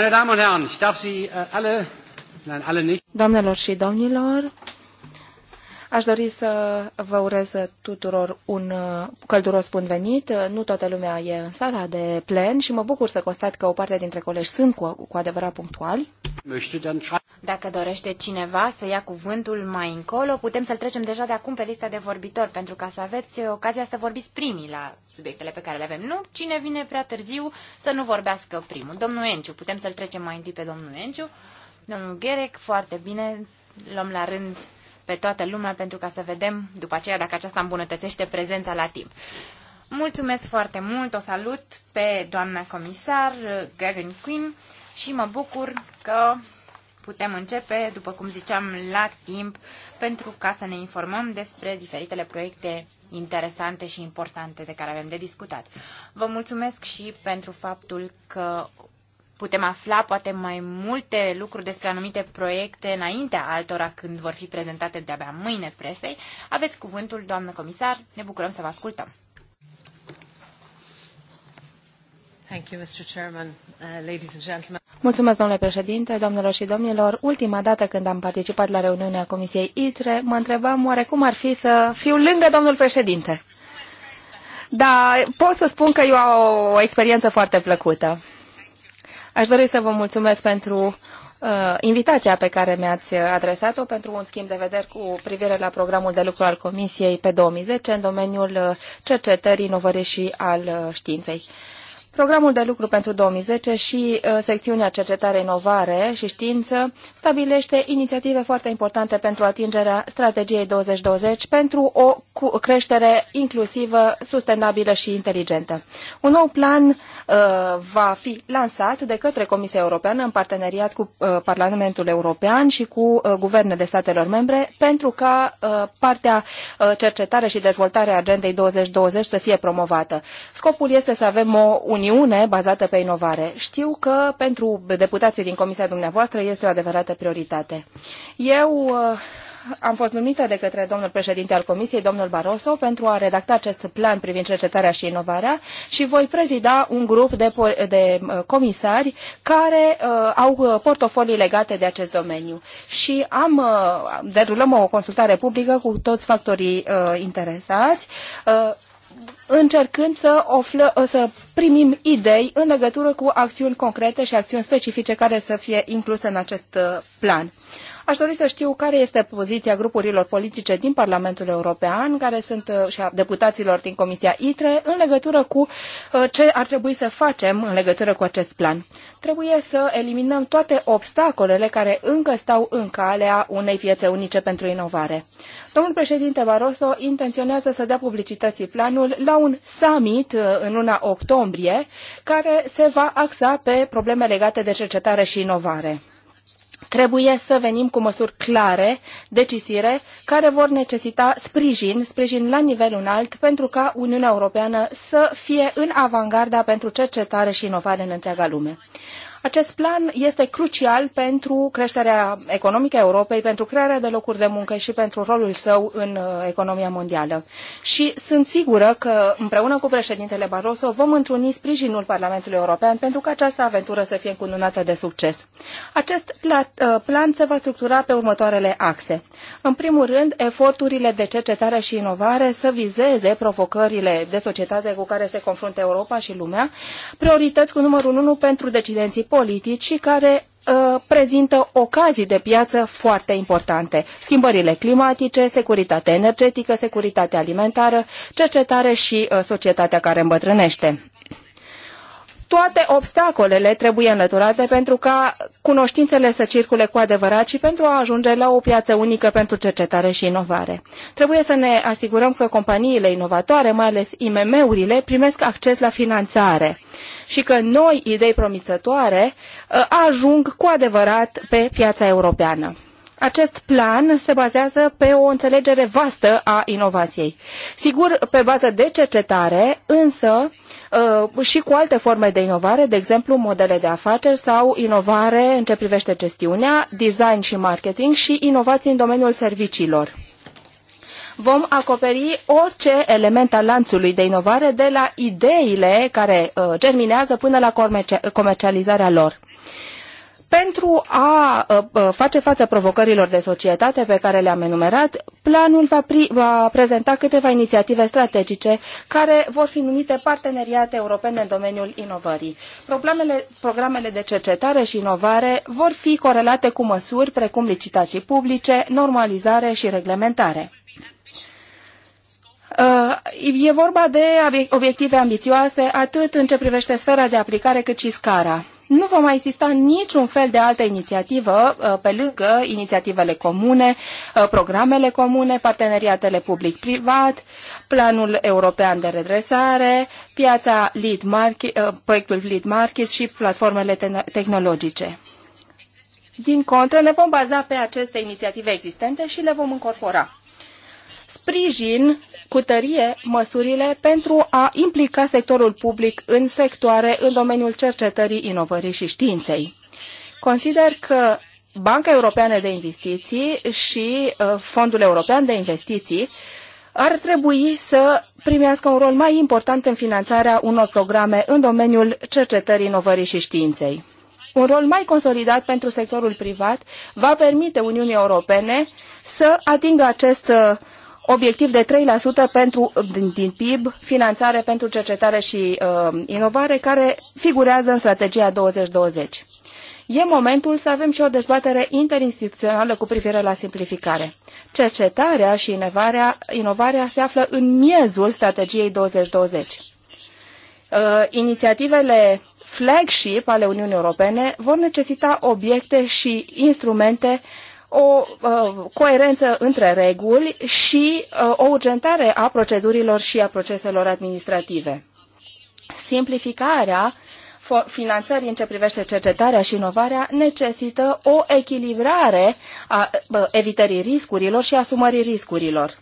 Äh, Doamnelor și domnilor, Aș dori să vă urez tuturor un uh, călduros bun venit. Nu toată lumea e în sala de plen și mă bucur să constat că o parte dintre colegi sunt cu, cu adevărat punctuali. Dacă dorește cineva să ia cuvântul mai încolo, putem să-l trecem deja de acum pe lista de vorbitori, pentru ca să aveți ocazia să vorbiți primii la subiectele pe care le avem. Nu, cine vine prea târziu să nu vorbească primul. Domnul Enciu, putem să-l trecem mai întâi pe domnul Enciu. Domnul Gherec, foarte bine, luăm la rând pe toată lumea pentru ca să vedem după aceea dacă aceasta îmbunătățește prezența la timp. Mulțumesc foarte mult, o salut pe doamna comisar Gagan Quinn și mă bucur că putem începe, după cum ziceam, la timp pentru ca să ne informăm despre diferitele proiecte interesante și importante de care avem de discutat. Vă mulțumesc și pentru faptul că putem afla poate mai multe lucruri despre anumite proiecte înaintea altora când vor fi prezentate de-abia mâine presei. Aveți cuvântul, doamnă comisar, ne bucurăm să vă ascultăm. Thank you, Mr. Chairman, uh, ladies and gentlemen. Mulțumesc, domnule președinte, domnilor și domnilor. Ultima dată când am participat la reuniunea Comisiei ITRE, mă întrebam oare cum ar fi să fiu lângă domnul președinte. Dar pot să spun că eu am o experiență foarte plăcută. Aș dori să vă mulțumesc pentru uh, invitația pe care mi-ați adresat-o pentru un schimb de vederi cu privire la programul de lucru al Comisiei pe 2010 în domeniul uh, cercetării, inovării și al uh, științei. Uh, Programul de lucru pentru 2010 și uh, secțiunea Cercetare, Inovare și Știință stabilește inițiative foarte importante pentru atingerea strategiei 2020 pentru o creștere inclusivă, sustenabilă și inteligentă. Un nou plan uh, va fi lansat de către Comisia Europeană în parteneriat cu uh, Parlamentul European și cu guvernele statelor membre pentru ca partea cercetare și dezvoltare a Agendei 2020 să fie promovată. Scopul este să avem o Uniune bazată pe inovare. Știu că pentru deputații din Comisia dumneavoastră este o adevărată prioritate. Eu uh, am fost numită de către domnul președinte al Comisiei, domnul Barroso, pentru a redacta acest plan privind cercetarea și inovarea și voi prezida un grup de, de uh, comisari care uh, au uh, portofolii legate de acest domeniu. Și am, uh, derulăm o consultare publică cu toți factorii uh, interesați. Uh, încercând să, oflă, uh, să primim idei în legătură cu acțiuni concrete și acțiuni specifice care să fie incluse în acest uh, plan. Aș dori să știu care este poziția grupurilor politice din Parlamentul European, care sunt uh, și a deputaților din Comisia ITRE, în legătură cu uh, ce ar trebui să facem în legătură cu acest plan. Trebuie să eliminăm toate obstacolele care încă stau în calea unei piețe unice pentru inovare. Domnul președinte Barroso intenționează să dea publicității planul la un summit uh, în luna octombrie, care se va axa pe probleme legate de cercetare și inovare. Trebuie să venim cu măsuri clare, decisive, care vor necesita sprijin, sprijin la nivel înalt, pentru ca Uniunea Europeană să fie în avangarda pentru cercetare și inovare în întreaga lume. Acest plan este crucial pentru creșterea economică a Europei, pentru crearea de locuri de muncă și pentru rolul său în uh, economia mondială. Și sunt sigură că împreună cu președintele Barroso vom întruni sprijinul Parlamentului European pentru ca această aventură să fie încununată de succes. Acest uh, plan se va structura pe următoarele axe. În primul rând, eforturile de cercetare și inovare să vizeze provocările de societate cu care se confruntă Europa și lumea, priorități cu numărul 1 pentru decidenții politici care uh, prezintă ocazii de piață foarte importante. Schimbările climatice, securitatea energetică, securitatea alimentară, cercetare și uh, societatea care îmbătrânește toate obstacolele trebuie înlăturate pentru ca cunoștințele să circule cu adevărat și pentru a ajunge la o piață unică pentru cercetare și inovare. Trebuie să ne asigurăm că companiile inovatoare, mai ales IMM-urile, primesc acces la finanțare și că noi idei promițătoare ă, ajung cu adevărat pe piața europeană. Acest plan se bazează pe o înțelegere vastă a inovației. Sigur, pe bază de cercetare, însă uh, și cu alte forme de inovare, de exemplu modele de afaceri sau inovare în ce privește gestiunea, design și marketing și inovații în domeniul serviciilor vom acoperi orice element al lanțului de inovare de la ideile care uh, germinează până la comercializarea lor pentru a ă, ă, face față provocărilor de societate pe care le-am enumerat, planul va, pri, va prezenta câteva inițiative strategice care vor fi numite parteneriate europene în domeniul inovării. Problemele, programele de cercetare și inovare vor fi corelate cu măsuri precum licitații publice, normalizare și reglementare. Ă, e vorba de obiective ambițioase atât în ce privește sfera de aplicare cât și scara nu va mai exista niciun fel de altă inițiativă uh, pe lângă inițiativele comune, uh, programele comune, parteneriatele public-privat, planul european de redresare, piața lead market, uh, proiectul lead market și platformele tehnologice. Din contră, ne vom baza pe aceste inițiative existente și le vom încorpora. Sprijin cu tărie măsurile pentru a implica sectorul public în sectoare în domeniul cercetării, inovării și științei. Consider că Banca Europeană de Investiții și uh, Fondul European de Investiții ar trebui să primească un rol mai important în finanțarea unor programe în domeniul cercetării, inovării și științei. Un rol mai consolidat pentru sectorul privat va permite Uniunii Europene să atingă acest uh, obiectiv de 3% pentru, din, din PIB, finanțare pentru cercetare și uh, inovare, care figurează în strategia 2020. E momentul să avem și o dezbatere interinstituțională cu privire la simplificare. Cercetarea și inovarea, inovarea se află în miezul strategiei 2020. Uh, inițiativele flagship ale Uniunii Europene vor necesita obiecte și instrumente uh, o uh, coerență între reguli și uh, o urgentare a procedurilor și a proceselor administrative. Simplificarea finanțării în ce privește cercetarea și inovarea necesită o echilibrare a uh, evitării riscurilor și asumării riscurilor.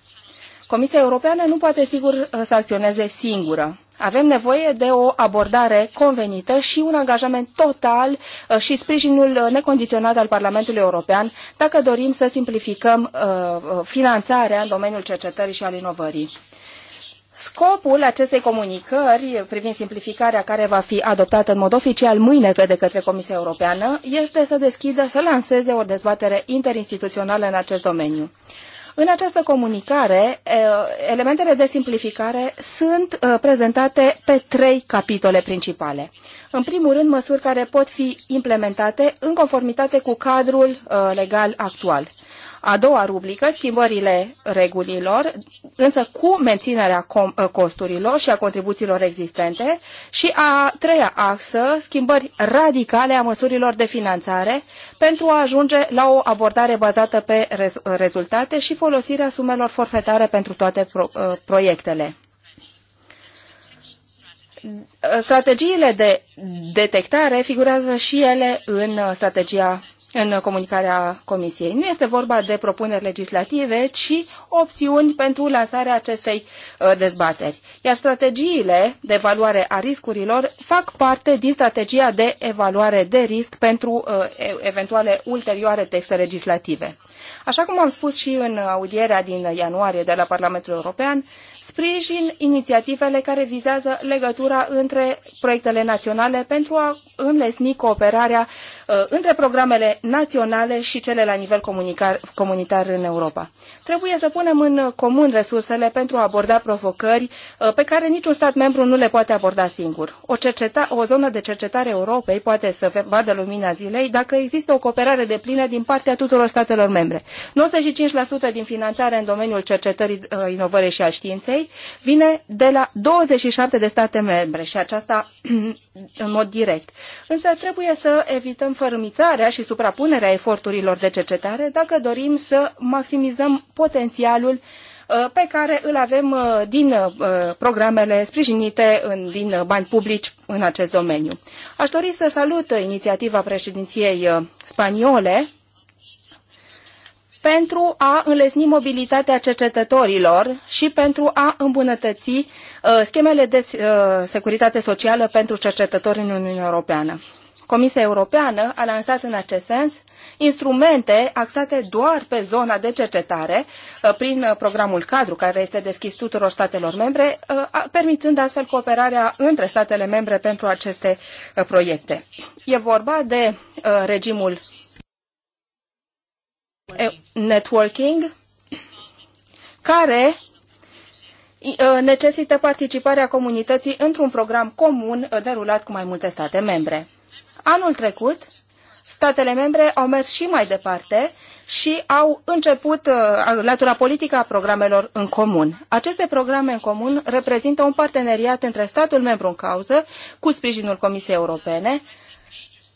Comisia Europeană nu poate sigur uh, să acționeze singură avem nevoie de o abordare convenită și un angajament total uh, și sprijinul uh, necondiționat al Parlamentului European dacă dorim să simplificăm uh, finanțarea în domeniul cercetării și al inovării. Scopul acestei comunicări privind simplificarea care va fi adoptată în mod oficial mâine de către Comisia Europeană este să deschidă, să lanseze o dezbatere interinstituțională în acest domeniu. În această comunicare, elementele de simplificare sunt prezentate pe trei capitole principale. În primul rând, măsuri care pot fi implementate în conformitate cu cadrul legal actual a doua rubrică, schimbările regulilor, însă cu menținerea ă, costurilor și a contribuțiilor existente și a treia axă, schimbări radicale a măsurilor de finanțare pentru a ajunge la o abordare bazată pe rezultate și folosirea sumelor forfetare pentru toate pro ă, proiectele strategiile de detectare figurează și ele în ă, strategia în comunicarea Comisiei. Nu este vorba de propuneri legislative, ci opțiuni pentru lansarea acestei uh, dezbateri. Iar strategiile de evaluare a riscurilor fac parte din strategia de evaluare de risc pentru uh, eventuale ulterioare texte legislative. Așa cum am spus și în audierea din ianuarie de la Parlamentul European, sprijin inițiativele care vizează legătura între proiectele naționale pentru a înlesni cooperarea Uh, între programele naționale și cele la nivel comunitar în Europa. Trebuie să punem în comun resursele pentru a aborda provocări uh, pe care niciun stat membru nu le poate aborda singur. O, cerceta, o zonă de cercetare Europei poate să vadă lumina zilei dacă există o cooperare de plină din partea tuturor statelor membre. 95% din finanțare în domeniul cercetării, uh, inovării și al științei vine de la 27 de state membre și aceasta în mod direct. Însă trebuie să evităm înfărâmițarea și suprapunerea eforturilor de cercetare dacă dorim să maximizăm potențialul uh, pe care îl avem uh, din uh, programele sprijinite în, din bani publici în acest domeniu. Aș dori să salut inițiativa președinției spaniole pentru a înlesni mobilitatea cercetătorilor și pentru a îmbunătăți schemele de securitate socială pentru cercetători în Uniunea Europeană. Comisia Europeană a lansat în acest sens instrumente axate doar pe zona de cercetare uh, prin uh, programul cadru care este deschis tuturor statelor membre, uh, permițând astfel cooperarea între statele membre pentru aceste proiecte. E vorba de regimul networking care necesită participarea comunității într-un program comun derulat cu mai multe state membre. Anul trecut, statele membre au mers și mai departe și au început uh, latura politică a programelor în comun. Aceste programe în comun reprezintă un parteneriat între statul membru în cauză cu sprijinul Comisiei Europene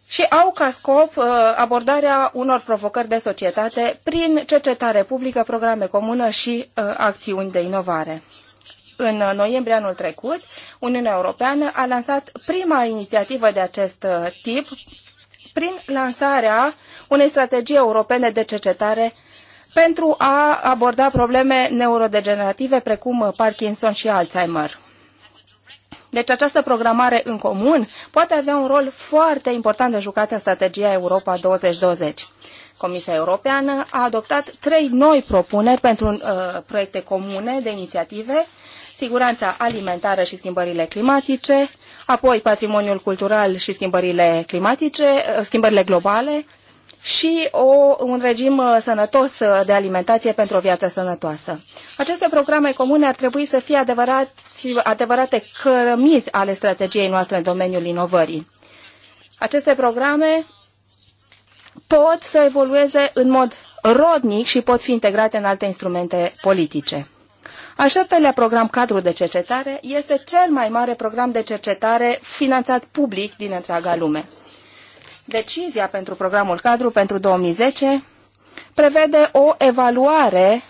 și au ca scop uh, abordarea unor provocări de societate prin cercetare publică, programe comună și uh, acțiuni de inovare. În noiembrie anul trecut, Uniunea Europeană a lansat prima inițiativă de acest uh, tip prin lansarea unei strategii europene de cercetare pentru a aborda probleme neurodegenerative precum uh, Parkinson și Alzheimer. Deci această programare în comun poate avea un rol foarte important de jucat în strategia Europa 2020. Comisia Europeană a adoptat trei noi propuneri pentru uh, proiecte comune de inițiative siguranța alimentară și schimbările climatice, apoi patrimoniul cultural și schimbările climatice, uh, schimbările globale și o, un regim uh, sănătos uh, de alimentație pentru o viață sănătoasă. Aceste programe comune ar trebui să fie adevărate cărămizi ale strategiei noastre în domeniul inovării. Aceste programe pot să evolueze în mod rodnic și pot fi integrate în alte instrumente politice. Al program cadru de cercetare este cel mai mare program de cercetare finanțat public din întreaga lume. Decizia pentru programul cadru pentru 2010 prevede o evaluare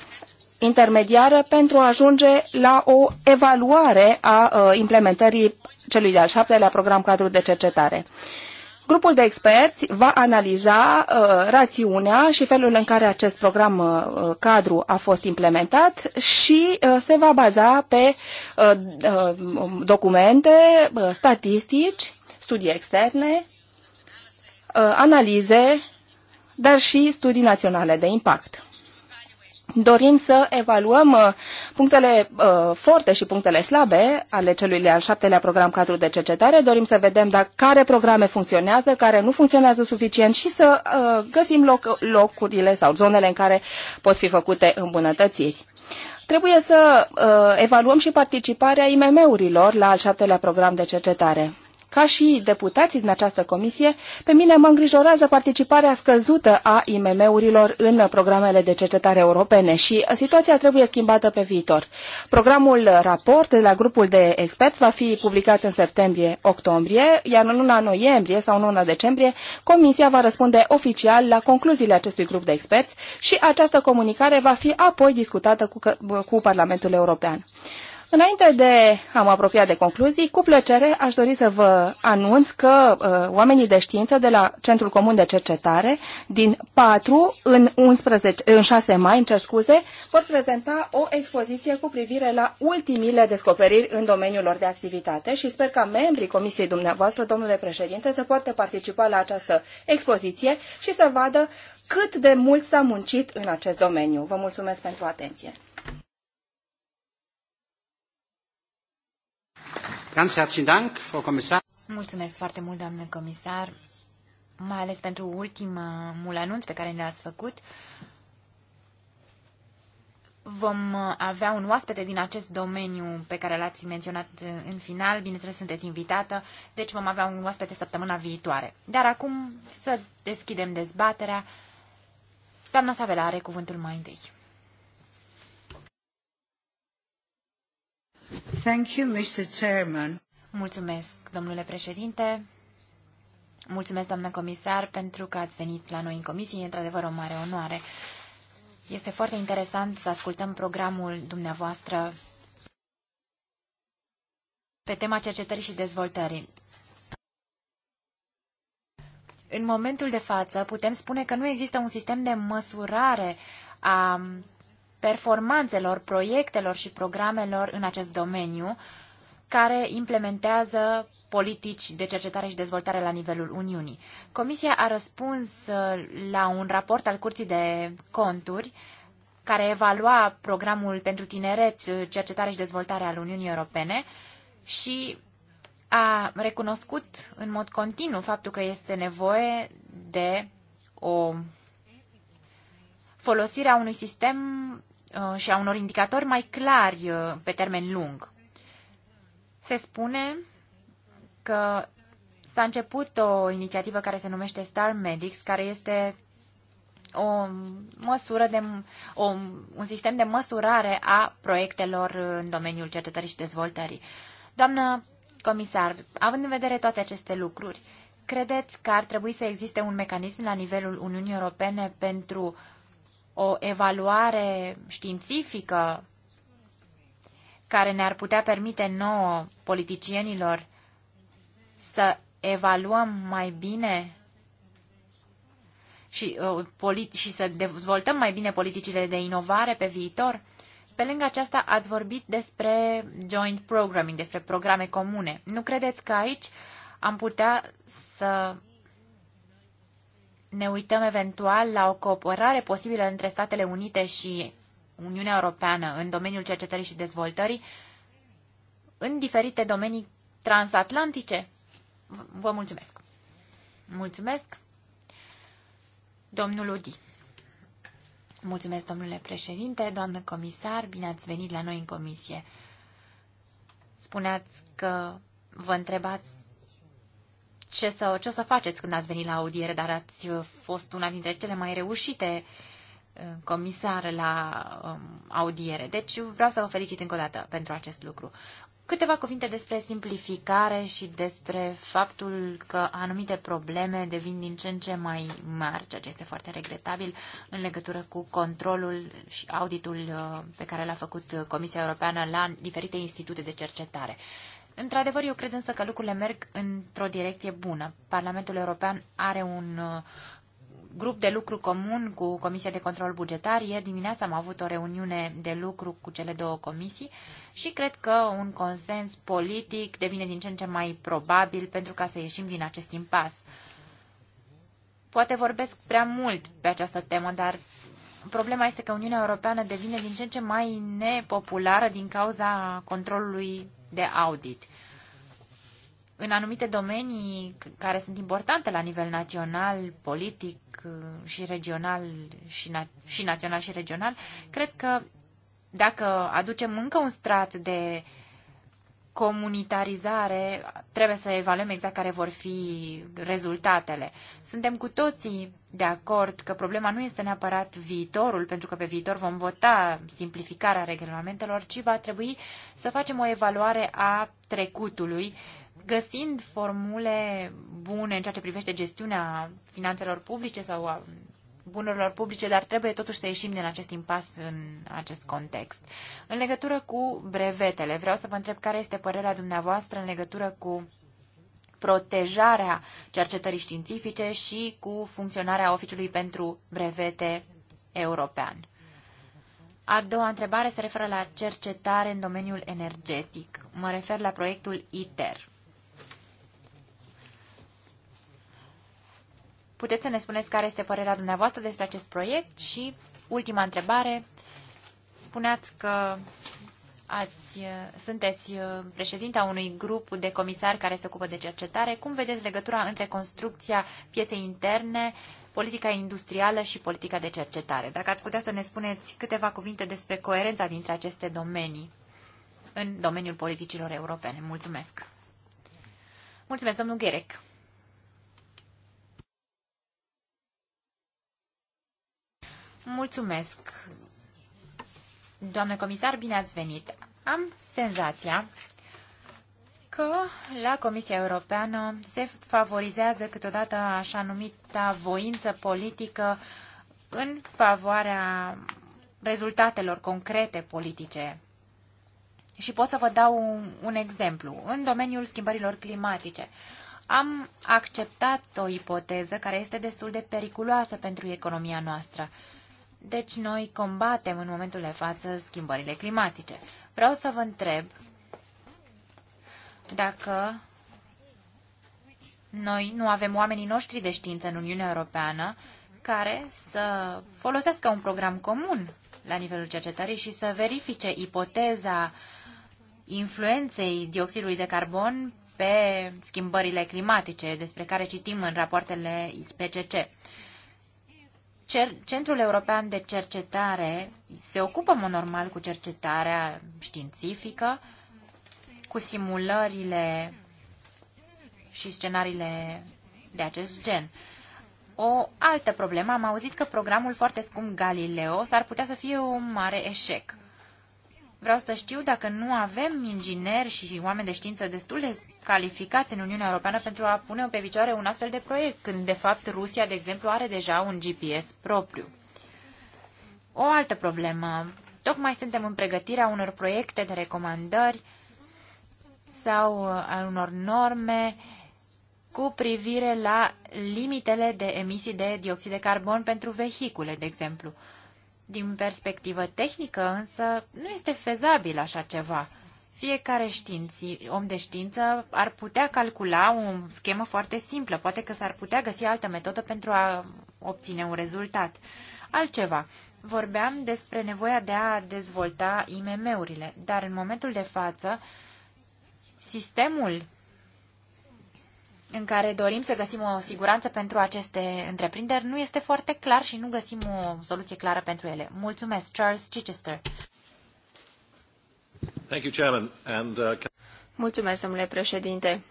intermediară pentru a ajunge la o evaluare a uh, implementării celui de-al șaptelea program cadru de cercetare. Grupul de experți va analiza uh, rațiunea și felul în care acest program uh, cadru a fost implementat și uh, se va baza pe uh, uh, documente, uh, statistici, studii externe, uh, analize, dar și studii naționale de impact. Dorim să evaluăm uh, punctele uh, forte și punctele slabe ale celui al șaptelea program cadru de cercetare. Dorim să vedem dacă care programe funcționează, care nu funcționează suficient și să uh, găsim loc, locurile sau zonele în care pot fi făcute îmbunătățiri. Trebuie să uh, evaluăm și participarea IMM-urilor la al șaptelea program de cercetare ca și deputații din această comisie, pe mine mă îngrijorează participarea scăzută a IMM-urilor în programele de cercetare europene și situația trebuie schimbată pe viitor. Programul raport de la grupul de experți va fi publicat în septembrie-octombrie, iar în luna noiembrie sau în luna decembrie, Comisia va răspunde oficial la concluziile acestui grup de experți și această comunicare va fi apoi discutată cu, cu Parlamentul European. Înainte de a mă apropia de concluzii, cu plăcere aș dori să vă anunț că uh, oamenii de știință de la Centrul Comun de Cercetare din 4 în, 11, în 6 mai, în cer scuze, vor prezenta o expoziție cu privire la ultimile descoperiri în domeniul lor de activitate și sper ca membrii Comisiei dumneavoastră, domnule președinte, să poată participa la această expoziție și să vadă cât de mult s-a muncit în acest domeniu. Vă mulțumesc pentru atenție. Ganz herzlichen Dank, Frau Kommissar. Mulțumesc foarte mult, doamnă comisar, mai ales pentru ultimul anunț pe care ne l-ați făcut. Vom avea un oaspete din acest domeniu pe care l-ați menționat în final, bineînțeles sunteți invitată, deci vom avea un oaspete săptămâna viitoare. Dar acum să deschidem dezbaterea. Doamna Savela are cuvântul mai întâi. Thank you, Mr. Chairman. Mulțumesc, domnule președinte. Mulțumesc, doamnă comisar, pentru că ați venit la noi în comisie. E într-adevăr o mare onoare. Este foarte interesant să ascultăm programul dumneavoastră pe tema cercetării și dezvoltării. În momentul de față putem spune că nu există un sistem de măsurare a performanțelor, proiectelor și programelor în acest domeniu, care implementează politici de cercetare și dezvoltare la nivelul Uniunii. Comisia a răspuns uh, la un raport al Curții de Conturi care evalua programul pentru tineret, uh, cercetare și dezvoltare al Uniunii Europene și a recunoscut în mod continuu faptul că este nevoie de o folosire a unui sistem Uh, și a unor indicatori mai clari uh, pe termen lung. Se spune că s-a început o inițiativă care se numește Star Medics, care este o măsură de, o, un sistem de măsurare a proiectelor în domeniul cercetării și dezvoltării. Doamnă comisar, având în vedere toate aceste lucruri, credeți că ar trebui să existe un mecanism la nivelul Uniunii Europene pentru uh, o evaluare științifică care ne-ar putea permite nouă politicienilor să evaluăm mai bine și, uh, polit- și să dezvoltăm mai bine politicile de inovare pe viitor? Pe lângă aceasta ați vorbit despre joint programming, despre programe comune. Nu credeți că aici am putea să ne uităm eventual la o cooperare posibilă între Statele Unite și Uniunea Europeană în domeniul cercetării și dezvoltării în diferite domenii transatlantice? Vă mulțumesc! Mulțumesc, domnul Udi. Mulțumesc, domnule președinte, doamnă comisar, bine ați venit la noi în comisie. Spuneați că vă întrebați ce să, ce să faceți când ați venit la audiere, dar ați uh, fost una dintre cele mai reușite uh, comisar la um, audiere. Deci vreau să vă felicit încă o dată pentru acest lucru. Câteva cuvinte despre simplificare și despre faptul că anumite probleme devin din ce în ce mai mari, ceea ce este foarte regretabil în legătură cu controlul și auditul uh, pe care l-a făcut Comisia Europeană la diferite institute de cercetare. Într-adevăr, eu cred însă că lucrurile merg într-o direcție bună. Parlamentul European are un uh, grup de lucru comun cu Comisia de Control Bugetar. Ieri dimineața am avut o reuniune de lucru cu cele două comisii și cred că un consens politic devine din ce în ce mai probabil pentru ca să ieșim din acest impas. Poate vorbesc prea mult pe această temă, dar problema este că Uniunea Europeană devine din ce în ce mai nepopulară din cauza controlului de audit. În anumite domenii care sunt importante la nivel național, politic uh, și regional și, na- și național și regional, cred că dacă aducem încă un strat de uh, comunitarizare, trebuie să evaluăm exact care vor fi rezultatele. Suntem cu toții de acord că problema nu este neapărat viitorul, pentru că pe viitor vom vota simplificarea regulamentelor, ci va trebui să facem o evaluare a trecutului, găsind formule bune în ceea ce privește gestiunea finanțelor publice sau a bunurilor publice, dar trebuie totuși să ieșim din acest impas în acest context. În legătură cu brevetele, vreau să vă întreb care este părerea dumneavoastră în legătură cu protejarea cercetării științifice și cu funcționarea Oficiului pentru Brevete European. A doua întrebare se referă la cercetare în domeniul energetic. Mă refer la proiectul ITER. Puteți să ne spuneți care este părerea dumneavoastră despre acest proiect și ultima întrebare. Spuneați că ați, uh, sunteți uh, președinta unui grup de comisari care se ocupă de cercetare. Cum vedeți legătura între construcția pieței interne, politica industrială și politica de cercetare? Dacă ați putea să ne spuneți câteva cuvinte despre coerența dintre aceste domenii în domeniul politicilor europene. Mulțumesc! Mulțumesc, domnul Gherec! Mulțumesc! Doamne comisar, bine ați venit! Am senzația că la Comisia Europeană se favorizează câteodată așa numita voință politică în favoarea rezultatelor concrete politice. Și pot să vă dau un, un exemplu. În domeniul schimbărilor climatice am acceptat o ipoteză care este destul de periculoasă pentru economia noastră. Uh, deci noi combatem în momentul de față schimbările climatice. Vreau să vă întreb dacă noi nu avem oamenii noștri de știință în Uniunea Europeană care să folosească un program comun la nivelul cercetării și să verifice ipoteza influenței dioxidului de carbon pe schimbările climatice despre care citim în rapoartele IPCC. Centrul European de Cercetare se ocupă, mă normal, cu cercetarea științifică, cu simulările și scenariile de acest gen. O altă problemă, am auzit că programul foarte scump Galileo s-ar putea să fie un mare eșec. Vreau să știu dacă nu avem ingineri și oameni de știință destul de calificați în Uniunea Europeană pentru a pune pe picioare un astfel de proiect, când de fapt Rusia, de exemplu, are deja un GPS propriu. O altă problemă. Tocmai suntem în pregătirea unor proiecte de recomandări sau uh, a unor norme cu privire la limitele de emisii de dioxid de carbon pentru vehicule, de exemplu. Din perspectivă tehnică, însă, nu este fezabil așa ceva. Fiecare științi, om de știință ar putea calcula o schemă foarte simplă. Poate că s-ar putea găsi altă metodă pentru a obține un rezultat. Altceva. Vorbeam despre nevoia de a dezvolta IMM-urile, dar în momentul de față, sistemul în care dorim să găsim o siguranță pentru aceste întreprinderi nu este foarte clar și nu găsim o soluție clară pentru ele. Mulțumesc, Charles Chichester. Thank you, Chairman. And, uh... Mulțumesc, domnule președinte.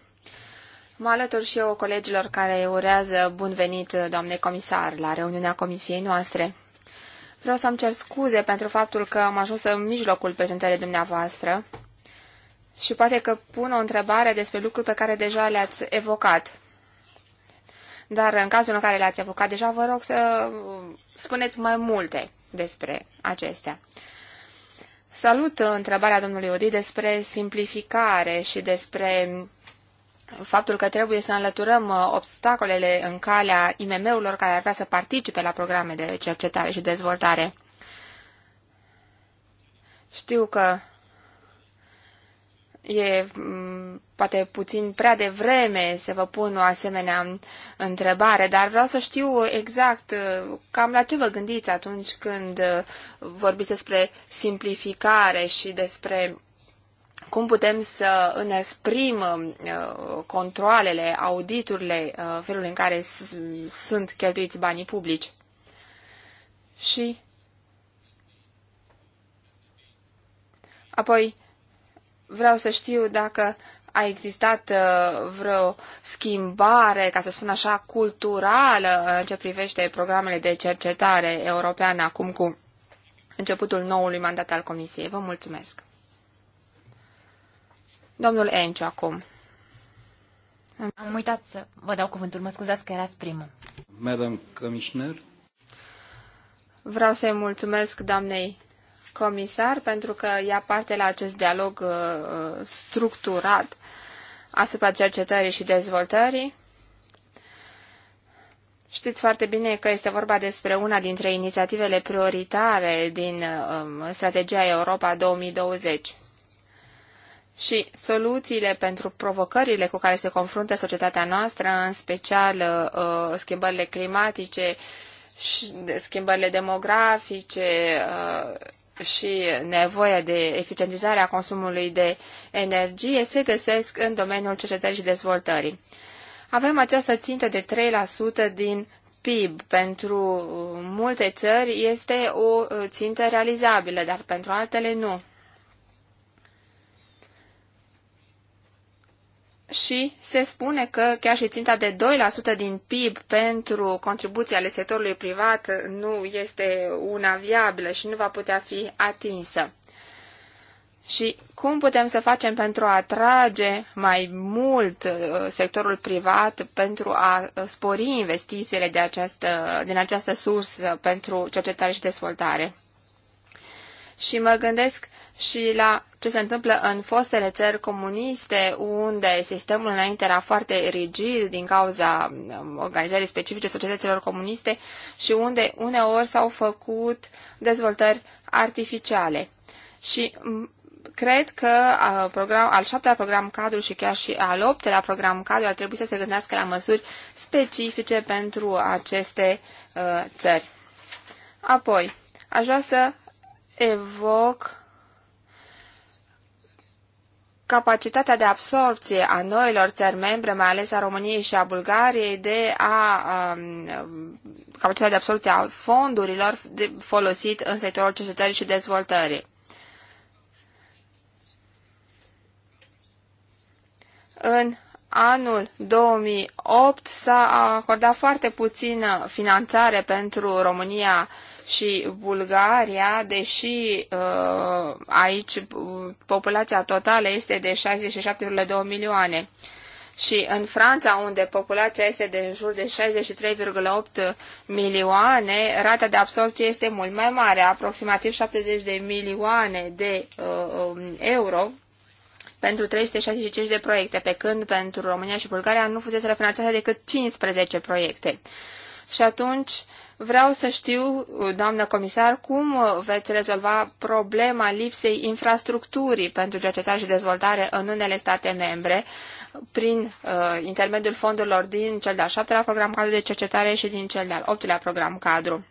Mă alătur și eu colegilor care urează bun venit, doamne comisar, la reuniunea comisiei noastre. Vreau să-mi cer scuze pentru faptul că am ajuns în mijlocul prezentării dumneavoastră și poate că pun o întrebare despre lucruri pe care deja le-ați evocat. Dar în cazul în care le-ați evocat deja, vă rog să spuneți mai multe despre acestea. Salut întrebarea domnului Odi despre simplificare și despre faptul că trebuie să înlăturăm uh, obstacolele în calea IMM-urilor care ar vrea să participe la programe de cercetare și dezvoltare. Știu că e mm, poate puțin prea devreme să vă pun o asemenea întrebare, dar vreau să știu exact uh, cam la ce vă gândiți atunci când uh, vorbiți despre simplificare și despre cum putem să înăsprim uh, controlele, auditurile, felul în care sunt cheltuiți banii publici. Și apoi, Vreau să știu dacă a existat uh, vreo schimbare, ca să spun așa, culturală uh, în ce privește programele de cercetare europeană acum cu începutul noului mandat al Comisiei. Vă mulțumesc. Domnul Enciu acum. Am uitat să vă dau cuvântul, mă scuzați că erați primul. Madam Commissioner. Vreau să-i mulțumesc doamnei comisar pentru că ia parte la acest dialog uh, uh, structurat asupra cercetării și dezvoltării. Știți foarte bine că este vorba despre una dintre inițiativele prioritare din um, strategia Europa 2020. Și soluțiile pentru provocările cu care se confruntă societatea noastră, în special uh, schimbările climatice, și schimbările demografice, uh, și nevoia de eficientizare a consumului de energie se găsesc în domeniul cercetării și dezvoltării. Avem această țintă de 3% din PIB pentru multe țări este o țintă realizabilă, dar pentru altele nu. și se spune că chiar și ținta de 2% din PIB pentru contribuții ale sectorului privat nu este una viabilă și nu va putea fi atinsă. Și cum putem să facem pentru a atrage mai mult uh, sectorul privat pentru a uh, spori investițiile de această, din această sursă pentru cercetare și dezvoltare? Și mă gândesc și la ce se întâmplă în fostele țări comuniste, unde sistemul înainte era foarte rigid din cauza um, organizării specifice societăților comuniste și unde uneori s-au făcut dezvoltări artificiale. Și cred că program, al șaptelea program cadru și chiar și al optelea program cadru ar trebui să se gândească la măsuri specifice pentru aceste uh, țări. Apoi, aș vrea să evoc capacitatea de absorpție a noilor țări membre, mai ales a României și a Bulgariei, de a, um, capacitatea de absorpție a fondurilor de, folosit în sectorul cercetării și dezvoltării. În anul 2008 s-a acordat foarte puțină finanțare pentru România și Bulgaria, deși uh, aici populația totală este de 67,2 milioane și în Franța, unde populația este de în jur de 63,8 milioane, rata de absorpție este mult mai mare, aproximativ 70 de milioane de uh, um, euro pentru 365 de proiecte, pe când pentru România și Bulgaria nu fusese refinanțate decât 15 proiecte. Și atunci, uh, Vreau să știu, doamnă comisar, cum veți rezolva problema lipsei infrastructurii pentru cercetare și dezvoltare în unele state membre prin uh, intermediul fondurilor din cel de-al șaptelea program cadru de cercetare și din cel de-al optulea program cadru.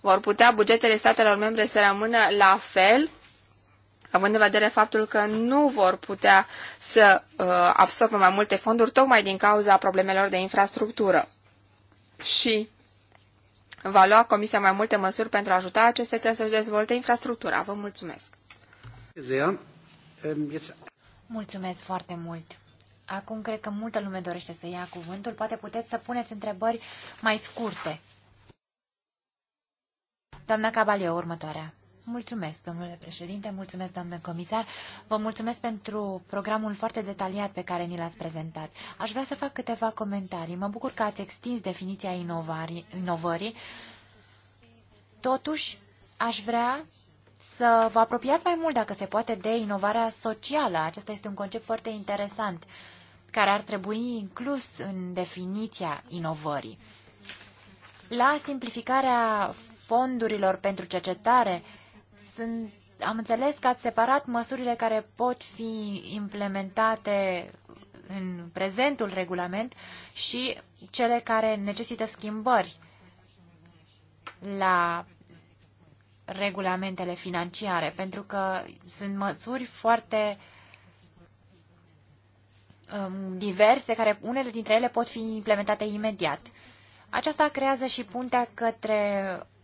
Vor putea bugetele statelor membre să rămână la fel având în vedere faptul că nu vor putea să uh, absorbă mai multe fonduri tocmai din cauza problemelor de infrastructură. Și va lua Comisia mai multe măsuri pentru a ajuta aceste țări să-și dezvolte infrastructura. Vă mulțumesc! Um, mulțumesc foarte mult! Acum cred că multă lume dorește să ia cuvântul. Poate puteți să puneți întrebări mai scurte. Doamna Cabalie, următoarea. Mulțumesc, domnule președinte, mulțumesc, doamnă comisar. Vă mulțumesc pentru programul foarte detaliat pe care ni l-ați prezentat. Aș vrea să fac câteva comentarii. Mă bucur că ați extins definiția inovării. Totuși, aș vrea să vă apropiați mai mult, dacă se poate, de inovarea socială. Acesta este un concept foarte interesant care ar trebui inclus în definiția inovării. La simplificarea fondurilor pentru cercetare sunt, am înțeles că ați separat măsurile care pot fi implementate în prezentul regulament și cele care necesită schimbări la regulamentele financiare, pentru că sunt măsuri foarte um, diverse, care unele dintre ele pot fi implementate imediat. Aceasta creează și puntea către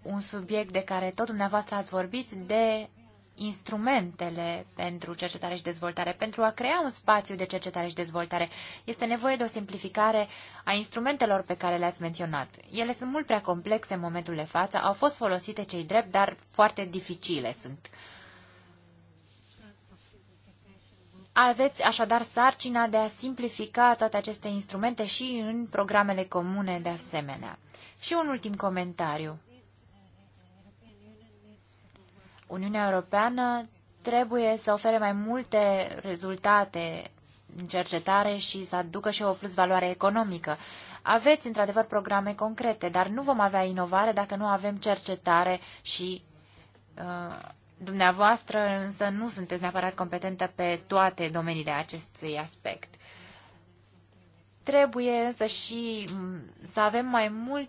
un subiect de care tot dumneavoastră ați vorbit, de instrumentele pentru cercetare și dezvoltare, pentru a crea un spațiu de cercetare și dezvoltare. Este nevoie de o simplificare a instrumentelor pe care le-ați menționat. Ele sunt mult prea complexe în momentul de față, au fost folosite cei drept, dar foarte dificile sunt. Aveți așadar sarcina de a simplifica toate aceste instrumente și în programele comune de asemenea. Și un ultim comentariu. Uniunea Europeană trebuie să ofere mai multe rezultate în cercetare și să aducă și o plus valoare economică. Aveți, într-adevăr, programe concrete, dar nu vom avea inovare dacă nu avem cercetare și uh, dumneavoastră, însă nu sunteți neapărat competentă pe toate domeniile acestui aspect. Trebuie însă și să avem mai mult,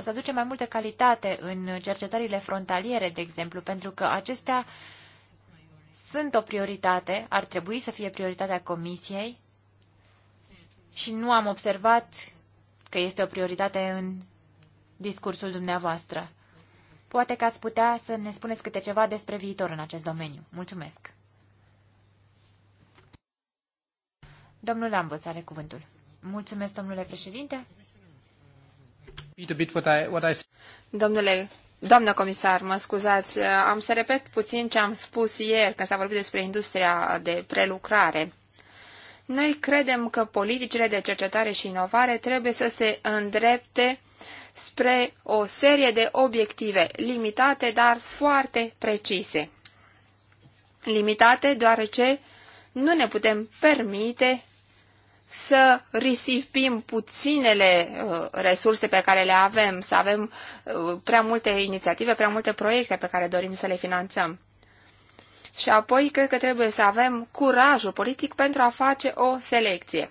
să aducem mai multă calitate în cercetările frontaliere, de exemplu, pentru că acestea sunt o prioritate, ar trebui să fie prioritatea Comisiei și nu am observat că este o prioritate în discursul dumneavoastră. Poate că ați putea să ne spuneți câte ceva despre viitor în acest domeniu. Mulțumesc! Domnul Lambăț are cuvântul. Mulțumesc, domnule președinte. Domnule, doamnă comisar, mă scuzați, am să repet puțin ce am spus ieri când s-a vorbit despre industria de prelucrare. Noi credem că politicile de cercetare și inovare trebuie să se îndrepte spre o serie de obiective limitate, dar foarte precise. Limitate deoarece nu ne putem permite să risipim puținele uh, resurse pe care le avem, să avem uh, prea multe inițiative, prea multe proiecte pe care dorim să le finanțăm. Și apoi, cred că trebuie să avem curajul politic pentru a face o selecție.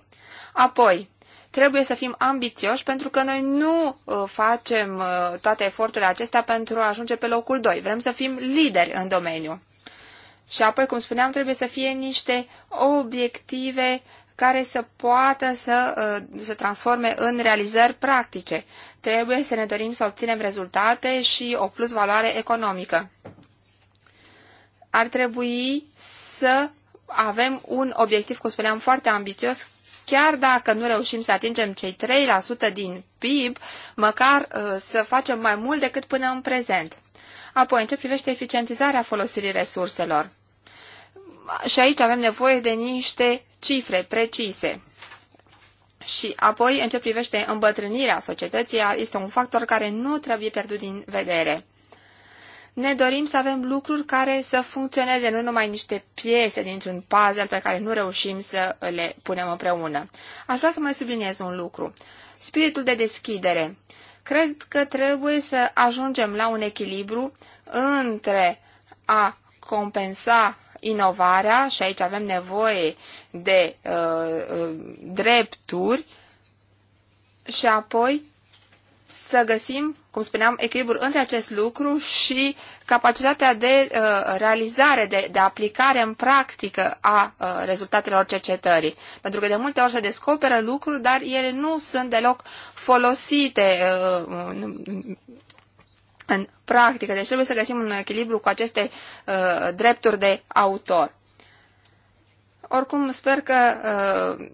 Apoi, trebuie să fim ambițioși pentru că noi nu uh, facem toate eforturile acestea pentru a ajunge pe locul 2. Vrem să fim lideri în domeniu. Și apoi, cum spuneam, trebuie să fie niște obiective care să poată să uh, se transforme în realizări practice. Trebuie să ne dorim să obținem rezultate și o plus valoare economică. Ar trebui să avem un obiectiv, cum spuneam, foarte ambițios, chiar dacă nu reușim să atingem cei 3% din PIB, măcar uh, să facem mai mult decât până în prezent. Apoi, în ce privește eficientizarea folosirii resurselor și aici avem nevoie de niște cifre precise. Și apoi, în ce privește îmbătrânirea societății, este un factor care nu trebuie pierdut din vedere. Ne dorim să avem lucruri care să funcționeze, nu numai niște piese dintr-un puzzle pe care nu reușim să le punem împreună. Aș vrea să mai subliniez un lucru. Spiritul de deschidere. Cred că trebuie să ajungem la un echilibru între a compensa inovarea, și aici avem nevoie de uh, uh, drepturi, și apoi să găsim, cum spuneam, echilibru între acest lucru și capacitatea de uh, realizare, de, de aplicare în practică a uh, rezultatelor cercetării. Pentru că de multe ori se descoperă lucruri, dar ele nu sunt deloc folosite uh, în, în practică. Deci trebuie să găsim un echilibru cu aceste uh, drepturi de autor. Oricum, sper că uh,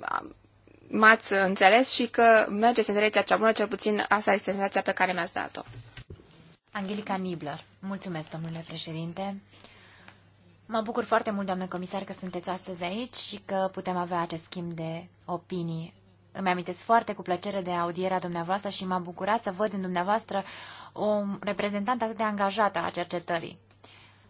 m-ați înțeles și că mergeți în direcția cea bună, cel puțin asta este senzația pe care mi-ați dat-o. Angelica Nibler, mulțumesc, domnule președinte. Mă bucur foarte mult, doamnă comisar, că sunteți astăzi aici și că putem avea acest schimb de opinii îmi amintesc foarte cu plăcere de audierea dumneavoastră și m-am bucurat să văd în dumneavoastră o reprezentantă atât de angajată a cercetării.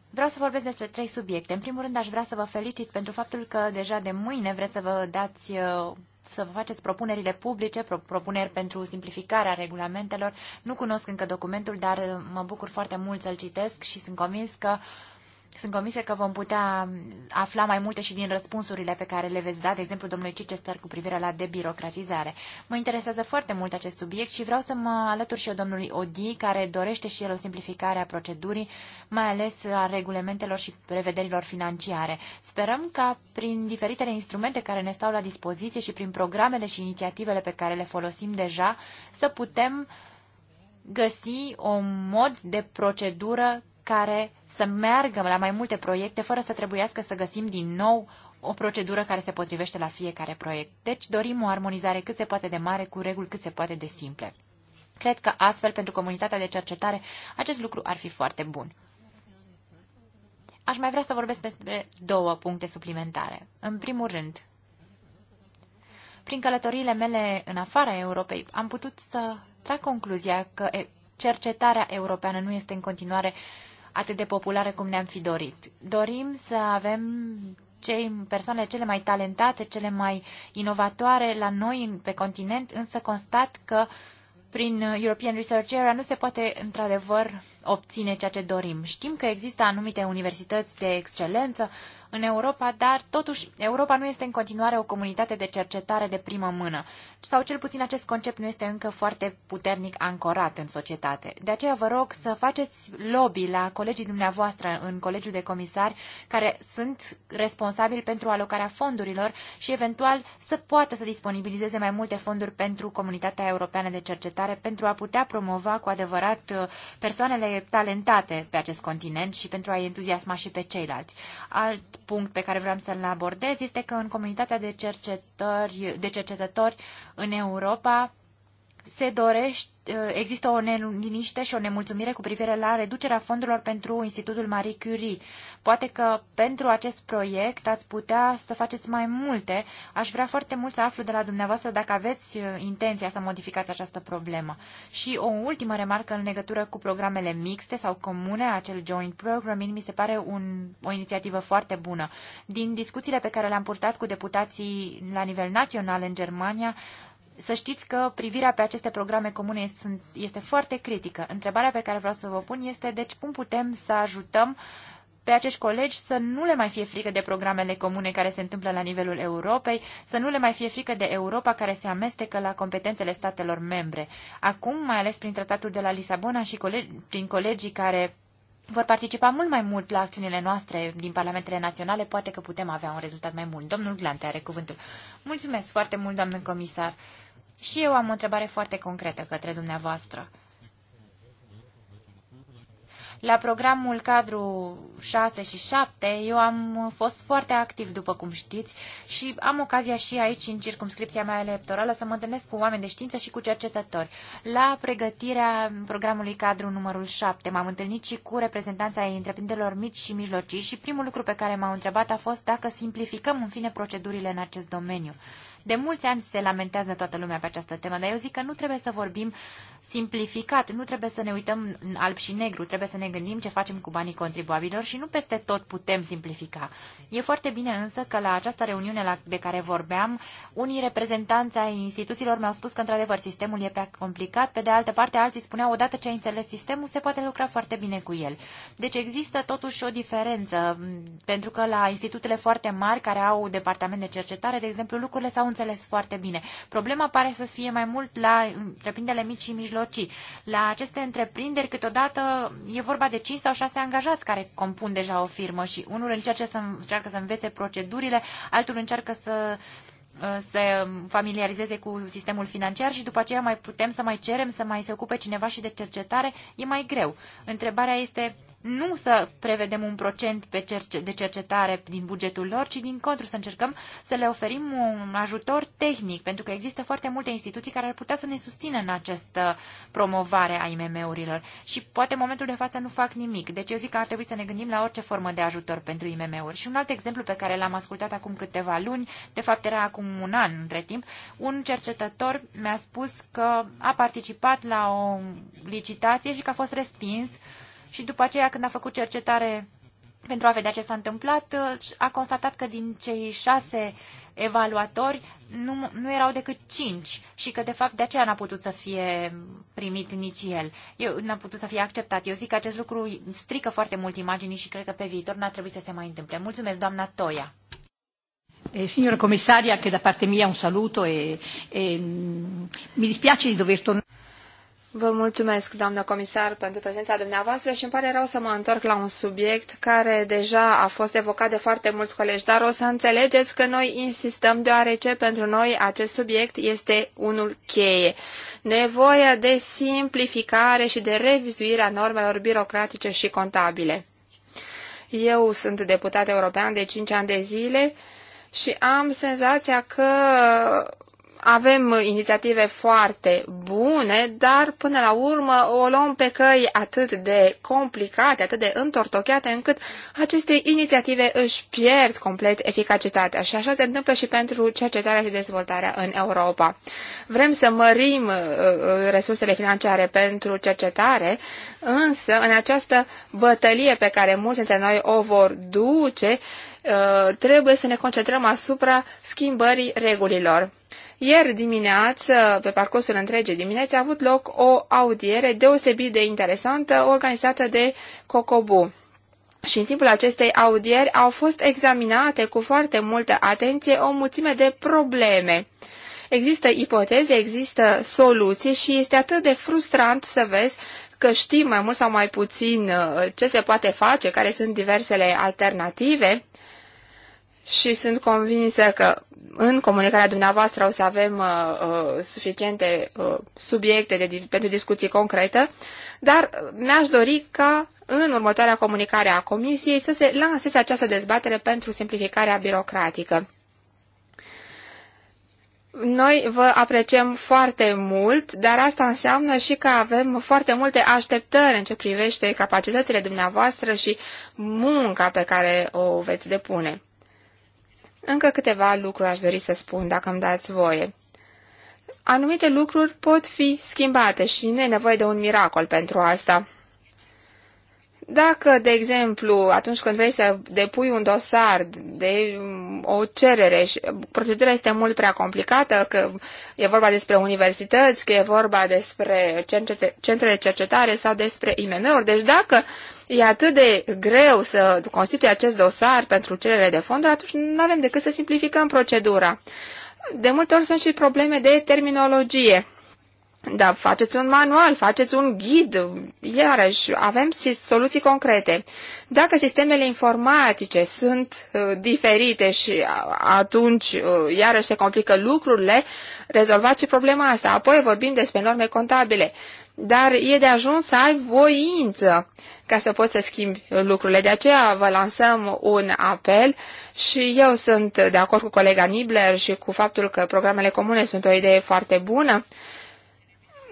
Vreau să vorbesc despre trei subiecte. În primul rând, aș vrea să vă felicit pentru faptul că deja de mâine vreți să vă dați uh, să vă faceți propunerile publice, propuneri pentru simplificarea regulamentelor. Nu cunosc încă documentul, dar uh, mă bucur foarte mult să-l citesc și sunt convins că uh, sunt convinsă că vom putea afla mai multe și din răspunsurile pe care le veți da, de exemplu, domnului Cicester cu privire la debirocratizare. Mă interesează foarte mult acest subiect și vreau să mă alătur și eu domnului Odi, care dorește și el o simplificare a procedurii, mai ales a regulamentelor și prevederilor financiare. Sperăm ca prin diferitele instrumente care ne stau la dispoziție și prin programele și inițiativele pe care le folosim deja, să putem găsi un mod de procedură care să meargă la mai multe proiecte fără să trebuiască să găsim din nou o procedură care se potrivește la fiecare proiect. Deci dorim o armonizare cât se poate de mare cu reguli cât se poate de simple. Cred că astfel, pentru comunitatea de cercetare, acest lucru ar fi foarte bun. Aș mai vrea să vorbesc despre două puncte suplimentare. În primul rând, prin călătoriile mele în afara Europei, am putut să trag concluzia că cercetarea europeană nu este în continuare uh, atât de populare cum ne-am fi dorit. Dorim să avem cei, persoanele cele mai talentate, cele mai inovatoare la noi pe continent, însă constat că prin European Research Era nu se poate într-adevăr obține ceea ce dorim. Știm că există anumite universități de excelență în Europa, dar totuși Europa nu este în continuare o comunitate de cercetare de primă mână, sau cel puțin acest concept nu este încă foarte puternic ancorat în societate. De aceea vă rog să faceți lobby la colegii dumneavoastră în Colegiul de Comisari care sunt responsabili pentru alocarea fondurilor și eventual să poată să disponibilizeze mai multe fonduri pentru comunitatea europeană de cercetare pentru a putea promova cu adevărat uh, persoanele femeile talentate pe acest continent și pentru a-i entuziasma și pe ceilalți. Alt punct pe care vreau să-l abordez este că în comunitatea de, cercetări, de cercetători în Europa se dorește, uh, există o neliniște și o nemulțumire cu privire la reducerea fondurilor pentru Institutul Marie Curie. Poate că pentru acest proiect ați putea să faceți mai multe. Aș vrea foarte mult să aflu de la dumneavoastră dacă aveți uh, intenția să modificați această problemă. Și o ultimă remarcă în legătură cu programele mixte sau comune, acel joint programming, mi se pare un, o inițiativă foarte bună. Din discuțiile pe care le-am purtat cu deputații la nivel național în Germania, să știți că privirea pe aceste programe comune este foarte critică. Întrebarea pe care vreau să vă pun este, deci, cum putem să ajutăm pe acești colegi să nu le mai fie frică de programele comune care se întâmplă la nivelul Europei, să nu le mai fie frică de Europa care se amestecă la competențele statelor membre. Acum, mai ales prin tratatul de la Lisabona și colegi, prin colegii care vor participa mult mai mult la acțiunile noastre din parlamentele naționale, poate că putem avea un rezultat mai bun. Domnul Glante are cuvântul. Mulțumesc foarte mult, doamnă comisar. Și eu am o întrebare foarte concretă către dumneavoastră. La programul cadru 6 și 7 eu am fost foarte activ, după cum știți, și am ocazia și aici, în circumscripția mea electorală, să mă întâlnesc cu oameni de știință și cu cercetători. La pregătirea programului cadru numărul 7 m-am întâlnit și cu reprezentanța ai întreprinderilor mici și mijlocii și primul lucru pe care m-au întrebat a fost dacă simplificăm în fine procedurile în acest domeniu. De mulți ani se lamentează toată lumea pe această temă, dar eu zic că nu trebuie să vorbim simplificat, nu trebuie să ne uităm în alb și negru, trebuie să ne gândim ce facem cu banii contribuabilor și nu peste tot putem simplifica. E foarte bine însă că la această reuniune la, de care vorbeam, unii reprezentanți ai instituțiilor mi-au spus că într-adevăr sistemul e prea complicat, pe de altă parte alții spuneau odată ce ai înțeles sistemul se poate lucra foarte bine cu el. Deci există totuși o diferență, pentru că la institutele foarte mari care au departament de cercetare, de exemplu, lucrurile s-au înțeles foarte bine. Problema pare să fie mai mult la întreprinderile mici și mijlocii. La aceste întreprinderi, câteodată, e vorba de 5 sau 6 angajați care compun deja o firmă și unul încearcă să, încearcă să învețe procedurile, altul încearcă să uh, se familiarizeze cu sistemul financiar și după aceea mai putem să mai cerem să mai se ocupe cineva și de cercetare, e mai greu. Întrebarea este nu să prevedem un procent pe cerce- de cercetare din bugetul lor, ci din contru să încercăm să le oferim un ajutor tehnic, pentru că există foarte multe instituții care ar putea să ne susțină în această promovare a IMM-urilor și poate în momentul de față nu fac nimic. Deci eu zic că ar trebui să ne gândim la orice formă de ajutor pentru IMM-uri. Și un alt exemplu pe care l-am ascultat acum câteva luni, de fapt era acum un an între timp, un cercetător mi-a spus că a participat la o licitație și că a fost respins și după aceea când a făcut cercetare pentru a vedea ce s-a întâmplat, a constatat că din cei șase evaluatori nu, nu erau decât cinci și că de fapt de aceea n-a putut să fie primit nici el. Eu n-a putut să fie acceptat. Eu zic că acest lucru strică foarte mult imaginii și cred că pe viitor n-ar trebui să se mai întâmple. Mulțumesc, doamna Toia. Eh, signora commissaria, che da parte mia un saluto e, e mi dispiace di dover tornare. Vă mulțumesc, doamnă comisar, pentru prezența dumneavoastră și îmi pare rău să mă întorc la un subiect care deja a fost evocat de foarte mulți colegi, dar o să înțelegeți că noi insistăm deoarece pentru noi acest subiect este unul cheie. Nevoia de simplificare și de revizuirea normelor birocratice și contabile. Eu sunt deputat european de 5 ani de zile și am senzația că avem inițiative foarte bune, dar până la urmă o luăm pe căi atât de complicate, atât de întortocheate, încât aceste inițiative își pierd complet eficacitatea. Și așa se întâmplă și pentru cercetarea și dezvoltarea în Europa. Vrem să mărim uh, uh, resursele financiare pentru cercetare, însă în această bătălie pe care mulți dintre noi o vor duce, uh, trebuie să ne concentrăm asupra schimbării regulilor. Ieri dimineață, pe parcursul întregii dimineți, a avut loc o audiere deosebit de interesantă organizată de Cocobu. Și în timpul acestei audieri au fost examinate cu foarte multă atenție o mulțime de probleme. Există ipoteze, există soluții și este atât de frustrant să vezi că știm mai mult sau mai puțin uh, ce se poate face, care sunt diversele alternative și sunt convinsă că în comunicarea dumneavoastră o să avem uh, uh suficiente uh, subiecte de, pentru discuții concrete, dar mi-aș dori ca în următoarea comunicare a Comisiei să se lanseze această dezbatere pentru simplificarea birocratică. Noi vă apreciem foarte mult, dar asta înseamnă și că avem foarte multe așteptări în ce privește capacitățile dumneavoastră și munca pe care o veți depune. Încă câteva lucruri aș dori să spun, dacă îmi dați voie. Anumite lucruri pot fi schimbate și nu e nevoie de un miracol pentru asta. Dacă, de exemplu, atunci când vrei să depui un dosar de o cerere și procedura este mult prea complicată, că e vorba despre universități, că e vorba despre centre, de cercetare sau despre IMM-uri. Deci dacă e atât de greu să constituie acest dosar pentru cerere de fonduri, atunci nu avem decât să simplificăm procedura. De multe ori sunt și probleme de terminologie. Da, faceți un manual, faceți un ghid, iarăși avem soluții concrete. Dacă sistemele informatice sunt uh, diferite și atunci uh, iarăși se complică lucrurile, rezolvați și problema asta. Apoi vorbim despre norme contabile. Dar e de ajuns să ai voință ca să poți să schimbi lucrurile. De aceea vă lansăm un apel și eu sunt de acord cu colega Nibler și cu faptul că programele comune sunt o idee foarte bună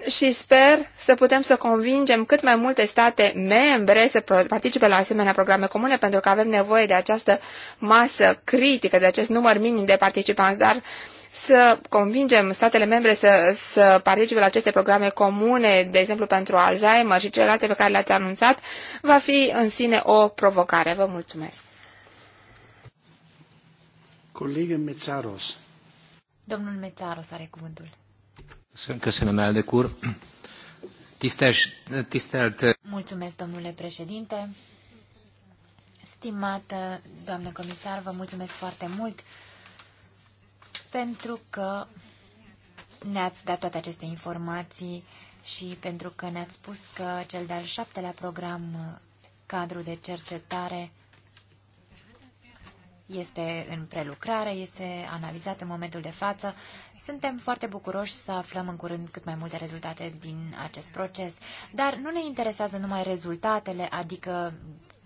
și sper să putem să convingem cât mai multe state membre să participe la asemenea programe comune, pentru că avem nevoie de această masă critică, de acest număr minim de participanți, dar să convingem statele membre să, să participe la aceste programe comune, de exemplu pentru Alzheimer și celelalte pe care le-ați anunțat, va fi în sine o provocare. Vă mulțumesc. Colegă Mețaros. Domnul Mețaros are cuvântul. Köszönöm, elnök úr. Tisztelt... Mulțumesc, domnule președinte. Stimată doamnă comisar, vă mulțumesc foarte mult pentru că ne-ați dat toate aceste informații și pentru că ne-ați spus că cel de-al șaptelea program cadru de cercetare este în prelucrare, este analizat în momentul de față. Suntem foarte bucuroși să aflăm în curând cât mai multe rezultate din acest proces, dar nu ne interesează numai rezultatele, adică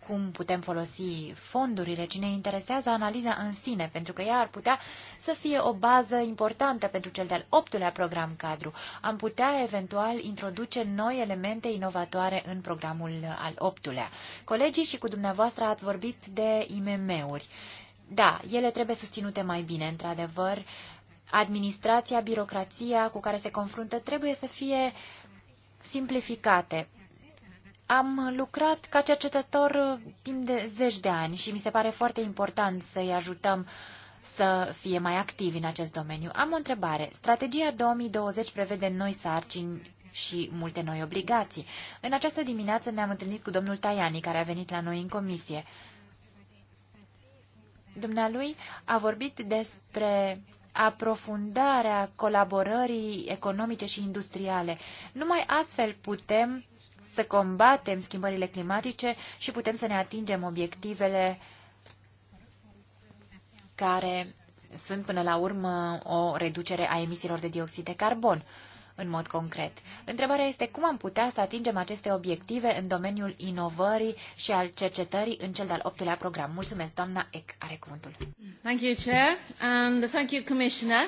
cum putem folosi fondurile, ci ne interesează analiza în sine, pentru că ea ar putea să fie o bază importantă pentru cel de-al optulea program cadru. Am putea eventual introduce noi elemente inovatoare în programul al optulea. Colegii și cu dumneavoastră ați vorbit de IMM-uri. Da, ele trebuie susținute mai bine, într-adevăr. Uh, administrația, birocrația cu care se confruntă trebuie să fie simplificate. Am lucrat ca cercetător timp de zeci de ani și mi se pare foarte important să-i ajutăm să fie mai activi în acest domeniu. Am o întrebare. Strategia 2020 prevede noi sarcini și multe noi obligații. În această dimineață ne-am întâlnit cu domnul Tajani, care a venit la noi în comisie. Dumnealui a vorbit despre aprofundarea colaborării economice și industriale. Numai astfel putem să combatem schimbările climatice și putem să ne atingem obiectivele care sunt până la urmă o reducere a emisiilor de dioxid de carbon în mod concret. Întrebarea este cum am putea să atingem aceste obiective în domeniul inovării și al cercetării în cel de-al optulea program. Mulțumesc, doamna Eck, are cuvântul. Thank you, Chair, and thank you, Commissioner.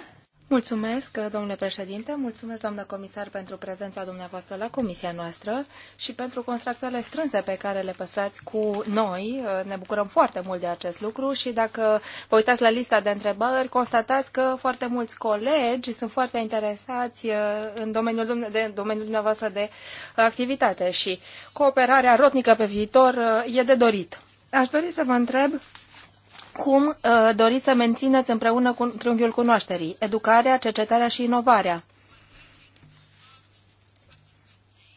Mulțumesc, domnule președinte, mulțumesc, doamnă comisar, pentru prezența dumneavoastră la comisia noastră și pentru contractele strânse pe care le păstrați cu noi. Ne bucurăm foarte mult de acest lucru și dacă vă uitați la lista de întrebări, constatați că foarte mulți colegi sunt foarte interesați uh, în domeniul, de, domeniul dumneavoastră de activitate și cooperarea rotnică pe viitor uh, e de dorit. Aș dori să vă întreb cum uh, doriți să mențineți împreună cu triunghiul cunoașterii, educarea, cercetarea și inovarea.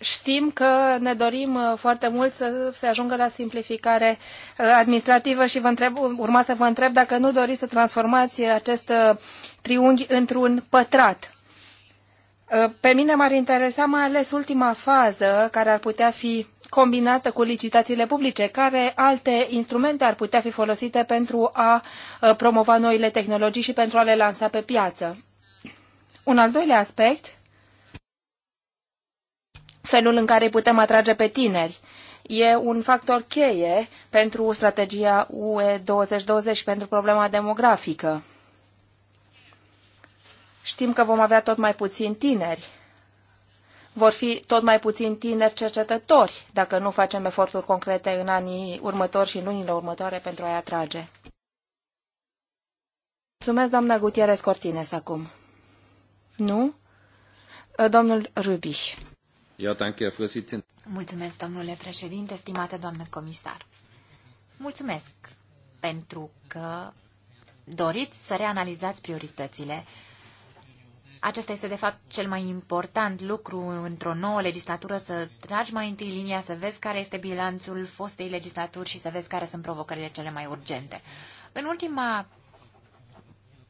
Știm că ne dorim uh, foarte mult să se ajungă la simplificare uh, administrativă și vă întreb, urma să vă întreb dacă nu doriți să transformați acest uh, triunghi într-un pătrat. Pe mine m-ar interesa mai ales ultima fază care ar putea fi combinată cu licitațiile publice. Care alte instrumente ar putea fi folosite pentru a uh, promova noile tehnologii și pentru a le lansa pe piață? Un al doilea aspect, felul în care îi putem atrage pe tineri e un factor cheie pentru strategia UE 2020 și pentru problema demografică. Știm că vom avea tot mai puțini tineri vor fi tot mai puțin tineri cercetători dacă nu facem eforturi concrete în anii următori și în lunile următoare pentru a-i atrage. Mulțumesc, doamna Gutierrez Cortines, acum. Nu? Eh, domnul Rubiș. Mulțumesc, domnule președinte, stimată doamnă comisar. Mulțumesc pentru că doriți să reanalizați prioritățile acesta este, de fapt, cel mai important lucru într-o nouă legislatură, să tragi mai întâi linia, să vezi care este bilanțul fostei legislaturi și să vezi care sunt provocările cele mai urgente. În ultima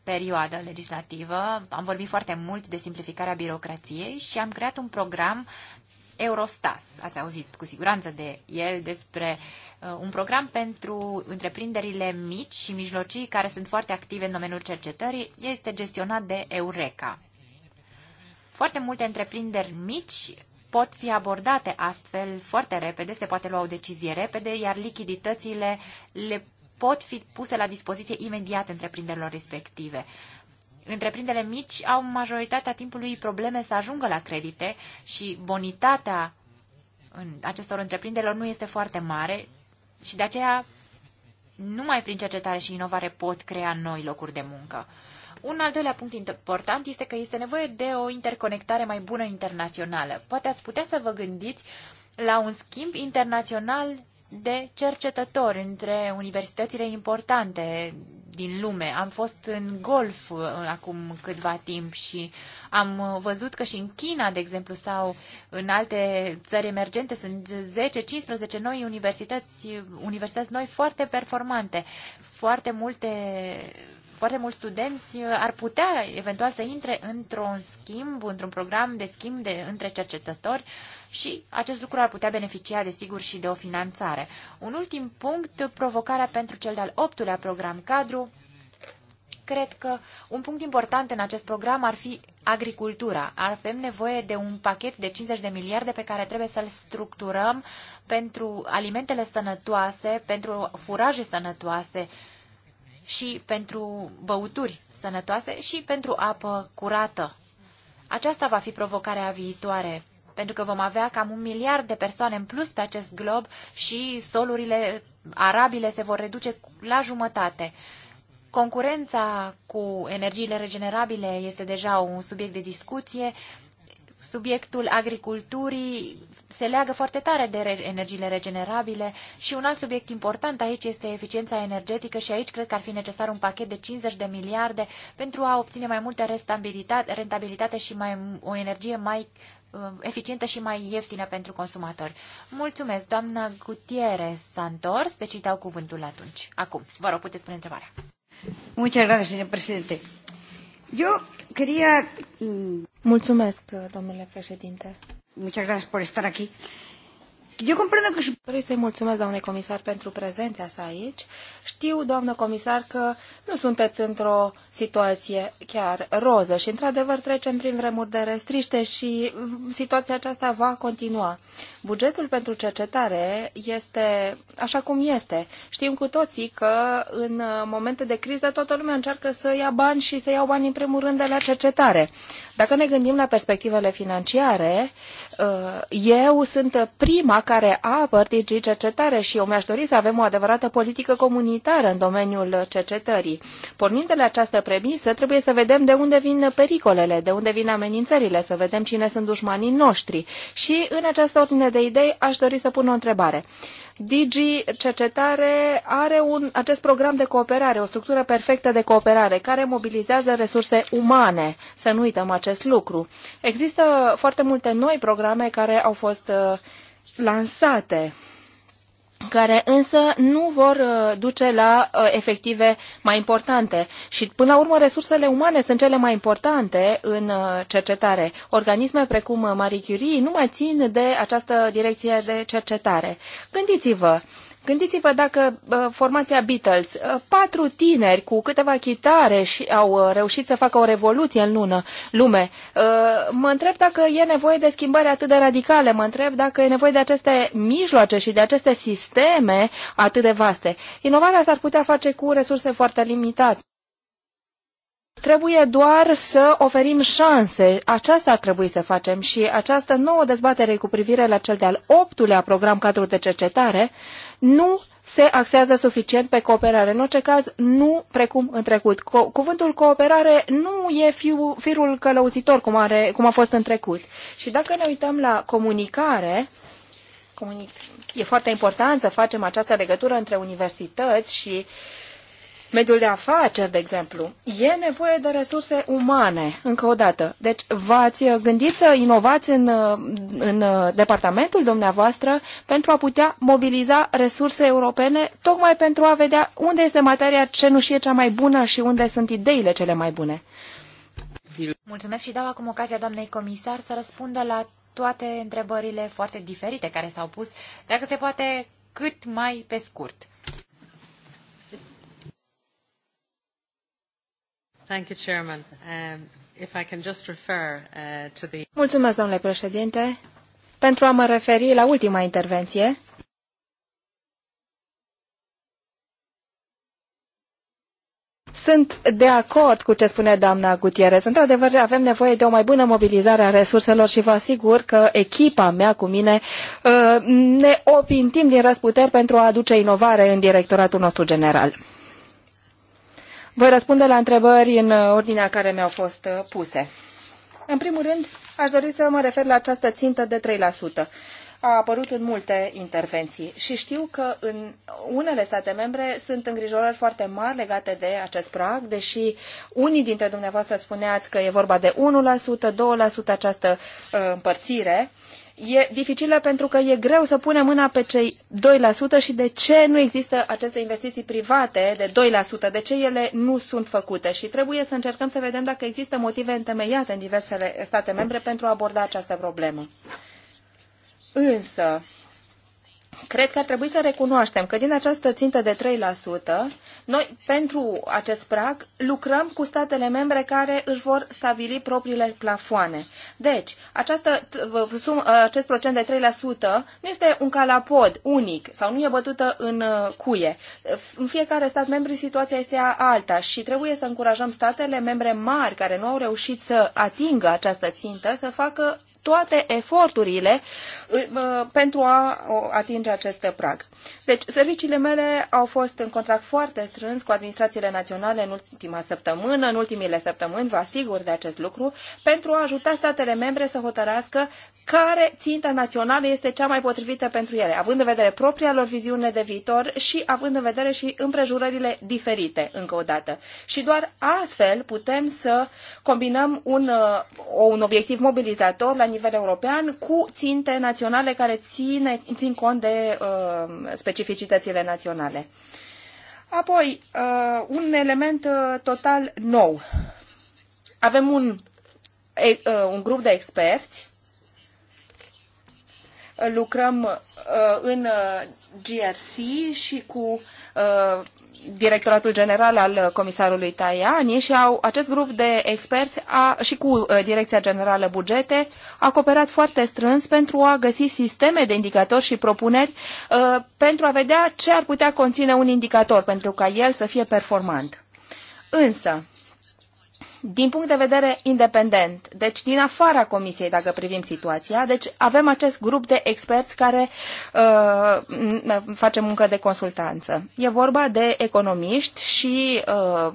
perioadă legislativă am vorbit foarte mult de simplificarea birocrației și am creat un program Eurostas. Ați auzit cu siguranță de el despre uh, un program pentru întreprinderile mici și mijlocii care sunt foarte active în domeniul cercetării. Este gestionat de Eureka. Foarte multe întreprinderi mici pot fi abordate astfel foarte repede, se poate lua o decizie repede, iar lichiditățile le pot fi puse la dispoziție imediat întreprinderilor respective. Întreprinderile mici au majoritatea timpului probleme să ajungă la credite și bonitatea în acestor întreprinderilor nu este foarte mare și de aceea numai prin cercetare și inovare pot crea noi locuri de muncă. Un al doilea punct important este că este nevoie de o interconectare mai bună internațională. Poate ați putea să vă gândiți la un schimb internațional de cercetători între universitățile importante din lume. Am fost în golf uh, acum câtva timp și am uh, văzut că și în China, de exemplu, sau în alte țări emergente sunt 10-15 noi universități, universități noi foarte performante, foarte multe foarte mulți studenți uh, ar putea eventual să intre într-un schimb, într-un program de schimb de, între cercetători și acest lucru ar putea beneficia, desigur, și de o finanțare. Un ultim punct, provocarea pentru cel de-al optulea program cadru. Cred că un punct important în acest program ar fi agricultura. Avem nevoie de un pachet de 50 de miliarde pe care trebuie să-l structurăm pentru alimentele sănătoase, pentru furaje sănătoase, și pentru băuturi sănătoase și pentru apă curată. Aceasta va fi provocarea viitoare, pentru că vom avea cam un miliard de persoane în plus pe acest glob și solurile arabile se vor reduce la jumătate. Concurența cu energiile regenerabile este deja un subiect de discuție. Subiectul agriculturii se leagă foarte tare de energiile regenerabile și un alt subiect important aici este eficiența energetică și aici cred că ar fi necesar un pachet de 50 de miliarde pentru a obține mai multă rentabilitate, și mai, o energie mai uh, eficientă și mai ieftină pentru consumatori. Mulțumesc, doamna Gutiere s-a întors, deci îi dau cuvântul atunci. Acum, vă rog, puteți spune întrebarea. Muchas gracias, señor presidente. Eu quería... Mm, Mulțumesc, domnule președinte. Muchas gracias por estar aquí. Eu comprend că... vrei să-i mulțumesc, doamne comisar, pentru prezența sa aici. Știu, doamnă comisar, că nu sunteți într-o situație chiar roză și, într-adevăr, trecem prin vremuri de restriște și situația aceasta va continua. Bugetul pentru cercetare este așa cum este. Știm cu toții că în momente de criză toată lumea încearcă să ia bani și să iau bani în primul rând de la cercetare. Dacă ne gândim la perspectivele financiare, uh, eu sunt prima care apăr DG Cercetare și eu mi-aș dori să avem o adevărată politică comunitară în domeniul cercetării. Pornind de la această premisă, trebuie să vedem de unde vin pericolele, de unde vin amenințările, să vedem cine sunt dușmanii noștri. Și în această ordine de idei aș dori să pun o întrebare. DG Cercetare are un, acest program de cooperare, o structură perfectă de cooperare, care mobilizează resurse umane. Să nu uităm acest lucru. Există foarte multe noi programe care au fost uh, lansate care însă nu vor uh, duce la uh, efective mai importante. Și până la urmă resursele umane sunt cele mai importante în uh, cercetare. Organisme precum Marie Curie nu mai țin de această direcție de cercetare. Gândiți-vă, Gândiți-vă dacă formația Beatles, patru tineri cu câteva chitare și au reușit să facă o revoluție în lună, lume. mă întreb dacă e nevoie de schimbări atât de radicale, mă întreb dacă e nevoie de aceste mijloace și de aceste sisteme atât de vaste. Inovarea s-ar putea face cu resurse foarte limitate. Trebuie doar să oferim șanse. Aceasta ar trebui să facem și această nouă dezbatere cu privire la cel de-al optulea program cadru de cercetare nu se axează suficient pe cooperare. În orice caz, nu precum în trecut. Co- cuvântul cooperare nu e fiu, firul călăuzitor cum, are, cum a fost în trecut. Și dacă ne uităm la comunicare, comunic- e foarte important să facem această legătură între universități și uh, mediul de afaceri, de exemplu. E nevoie de resurse umane, încă o dată. Deci v-ați gândit să inovați în, în departamentul dumneavoastră pentru a putea mobiliza resurse europene, tocmai pentru a vedea unde este materia cenușie cea mai bună și unde sunt ideile cele mai bune. Mulțumesc și dau acum ocazia doamnei comisar să răspundă la toate întrebările foarte diferite care s-au pus, dacă se poate cât mai pe scurt. Thank you, Chairman. Um, if I can just refer, uh, to the... Mulțumesc, domnule președinte. Pentru a mă referi la ultima intervenție, Sunt de acord cu ce spune doamna Gutierrez. Într-adevăr, avem nevoie de o mai bună mobilizare a resurselor și vă asigur că echipa mea cu mine uh, ne opintim din răsputeri pentru a aduce inovare în directoratul nostru general. Voi răspunde la întrebări în ordinea care mi-au fost uh, puse. În primul rând, aș dori să mă refer la această țintă de 3%. A apărut în multe intervenții și știu că în unele state membre sunt îngrijorări foarte mari legate de acest prag, deși unii dintre dumneavoastră spuneați că e vorba de 1%, 2% această uh, împărțire. Uh, e dificilă pentru că e greu să punem mâna pe cei 2% și de ce nu există aceste investiții private de 2%, de ce ele nu sunt făcute și trebuie să încercăm să vedem dacă există motive întemeiate în diversele state membre pentru a aborda această problemă. Însă, Cred că ar trebui să recunoaștem că din această țintă de 3%, noi pentru acest prag lucrăm cu statele membre care își vor stabili propriile plafoane. Deci, această, ă, sum, ă, acest procent de 3% nu este un calapod unic sau nu e bătută în ă, cuie. În fiecare stat membru situația este alta și trebuie să încurajăm statele membre mari care nu au reușit să atingă această țintă să facă toate eforturile uh, pentru a atinge acest prag. Deci, serviciile mele au fost în contract foarte strâns cu administrațiile naționale în ultima săptămână, în ultimile săptămâni, vă asigur de acest lucru, pentru a ajuta statele membre să hotărască care ținta națională este cea mai potrivită pentru ele, având în vedere propria lor viziune de viitor și având în vedere și împrejurările diferite, încă o dată. Și doar astfel putem să combinăm un, uh, un obiectiv mobilizator la nivel european cu ținte naționale care ține, țin cont de uh, specificitățile naționale. Apoi, uh, un element uh, total nou. Avem un, uh, un grup de experți lucrăm uh, în uh, GRC și cu uh, directoratul general al comisarului Tajani și au, acest grup de experți a, și cu uh, Direcția Generală Bugete a cooperat foarte strâns pentru a găsi sisteme de indicatori și propuneri uh, pentru a vedea ce ar putea conține un indicator pentru ca el să fie performant. Însă, din punct de vedere independent, deci din afara comisiei, dacă privim situația. Deci avem acest grup de experți care uh, face muncă de consultanță. E vorba de economiști și uh, uh,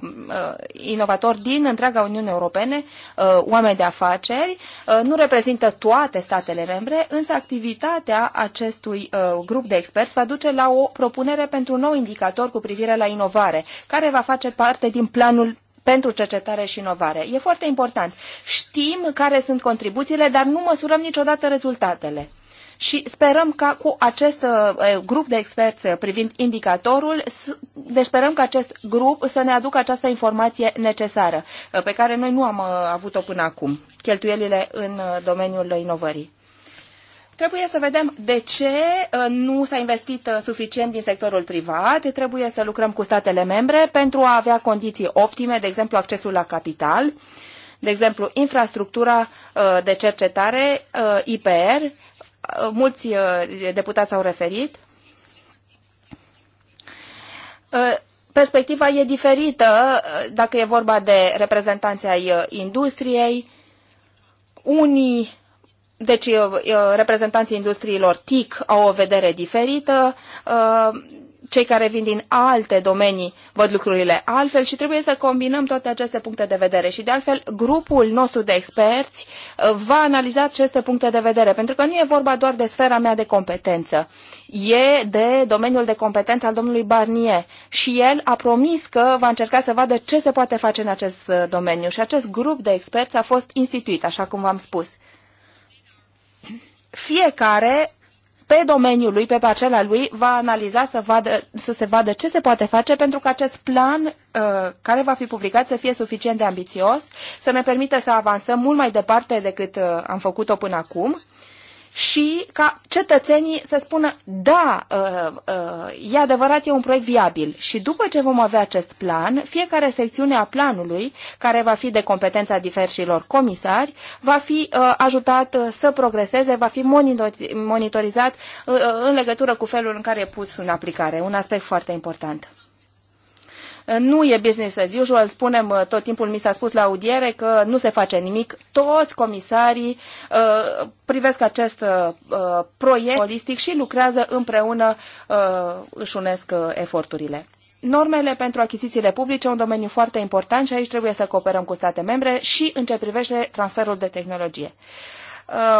inovatori din întreaga Uniune Europene, uh, oameni de afaceri, uh, nu reprezintă toate statele membre, însă activitatea acestui uh, grup de experți va duce la o propunere pentru un nou indicator cu privire la inovare, care va face parte din planul pentru cercetare și inovare. E foarte important. Știm care sunt contribuțiile, dar nu măsurăm niciodată rezultatele. Și sperăm ca cu acest uh, grup de experți privind indicatorul, deci sperăm că acest grup să ne aducă această informație necesară, uh, pe care noi nu am uh, avut-o până acum, cheltuielile în domeniul inovării. Trebuie să vedem de ce uh, nu s-a investit uh, suficient din sectorul privat. Trebuie să lucrăm cu statele membre pentru a avea condiții optime, de exemplu accesul la capital, de exemplu infrastructura uh, de cercetare, IPR, mulți deputați s-au referit. Perspectiva e diferită dacă e vorba de reprezentanții ai industriei. Unii deci, reprezentanții industriilor TIC au o vedere diferită, uh, cei care vin din alte domenii văd lucrurile altfel și trebuie să combinăm toate aceste puncte de vedere. Și, de altfel, grupul nostru de experți uh, va analiza aceste puncte de vedere, pentru că nu e vorba doar de sfera mea de competență. E de domeniul de competență al domnului Barnier și el a promis că va încerca să vadă ce se poate face în acest uh, domeniu. Și acest grup de experți a fost instituit, așa cum v-am spus fiecare pe domeniul lui, pe parcela lui, va analiza să, vadă, să se vadă ce se poate face pentru că acest plan uh, care va fi publicat să fie suficient de ambițios, să ne permită să avansăm mult mai departe decât uh, am făcut-o până acum. Uh, și ca cetățenii să spună, da, uh, uh, e adevărat, e un proiect viabil. Și după ce vom avea acest plan, fiecare secțiune a planului, care va fi de competența diversilor comisari, va fi uh, ajutat să progreseze, va fi monitorizat în legătură cu felul în care e pus în aplicare. Un aspect foarte important. Nu e business as usual, spunem uh, tot timpul, mi s-a spus la audiere că nu se face nimic. Toți comisarii uh, privesc acest uh, proiect holistic și lucrează împreună, își unesc eforturile. Normele pentru achizițiile publice, un domeniu foarte important și aici trebuie să cooperăm cu state membre și în ce privește transferul de tehnologie.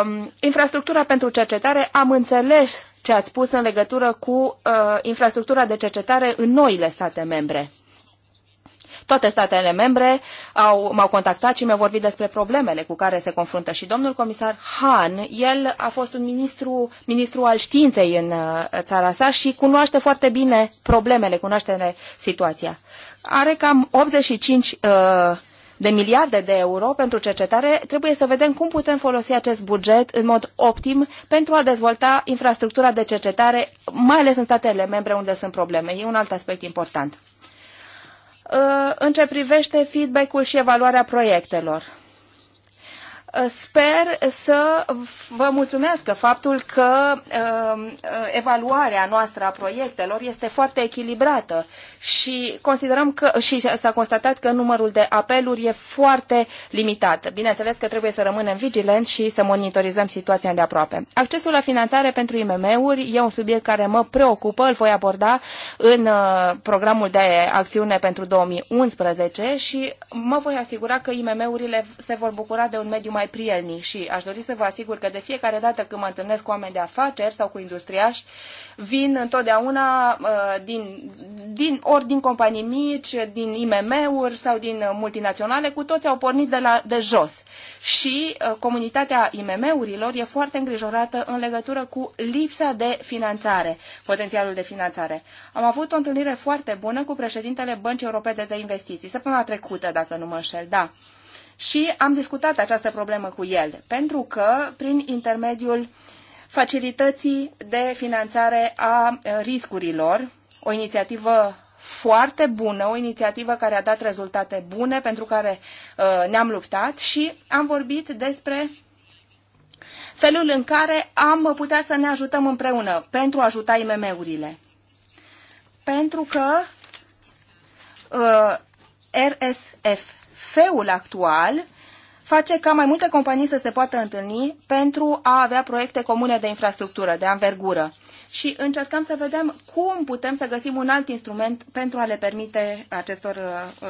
Um, infrastructura pentru cercetare, am înțeles ce ați spus în legătură cu uh, infrastructura de cercetare în noile state membre. Toate statele membre au, m-au contactat și mi-au vorbit despre problemele cu care se confruntă. Și domnul comisar Han, el a fost un ministru, ministru al științei în uh, țara sa și cunoaște foarte bine problemele, cunoaște situația. Are cam 85 uh, de miliarde de euro pentru cercetare, trebuie să vedem cum putem folosi acest buget în mod optim pentru a dezvolta infrastructura de cercetare, mai ales în statele membre unde sunt probleme. E un alt aspect important. Uh, în ce privește feedback-ul și evaluarea proiectelor. Uh, sper să vă mulțumesc faptul că uh, uh, evaluarea noastră a proiectelor este foarte echilibrată și considerăm că și s-a constatat că numărul de apeluri e foarte limitat. Bineînțeles că trebuie să rămânem vigilenți și să monitorizăm situația de aproape. Accesul la finanțare pentru IMM-uri e un subiect care mă preocupă, îl voi aborda în uh, programul de acțiune pentru 2011 și mă voi asigura că IMM-urile se vor bucura de un mediu mai mai prielnic și aș dori să vă asigur că de fiecare dată când mă întâlnesc cu oameni de afaceri sau cu industriași, vin întotdeauna uh, din, din, ori din companii mici, din IMM-uri sau din multinaționale, cu toți au pornit de, la, de jos. Și uh, comunitatea IMM-urilor e foarte îngrijorată în legătură cu lipsa de finanțare, potențialul de finanțare. Am avut o întâlnire foarte bună cu președintele Băncii Europene de Investiții, săptămâna trecută, dacă nu mă înșel, da și am discutat această problemă cu el, pentru că prin intermediul facilității de finanțare a riscurilor, o inițiativă foarte bună, o inițiativă care a dat rezultate bune, pentru care ne-am luptat și am vorbit despre felul în care am putea să ne ajutăm împreună pentru a ajuta IMM-urile. Pentru că uh, RSF feul actual face ca mai multe companii să se poată întâlni pentru a avea proiecte comune de infrastructură, de anvergură. Și încercăm să vedem cum putem să găsim un alt instrument pentru a le permite acestor uh,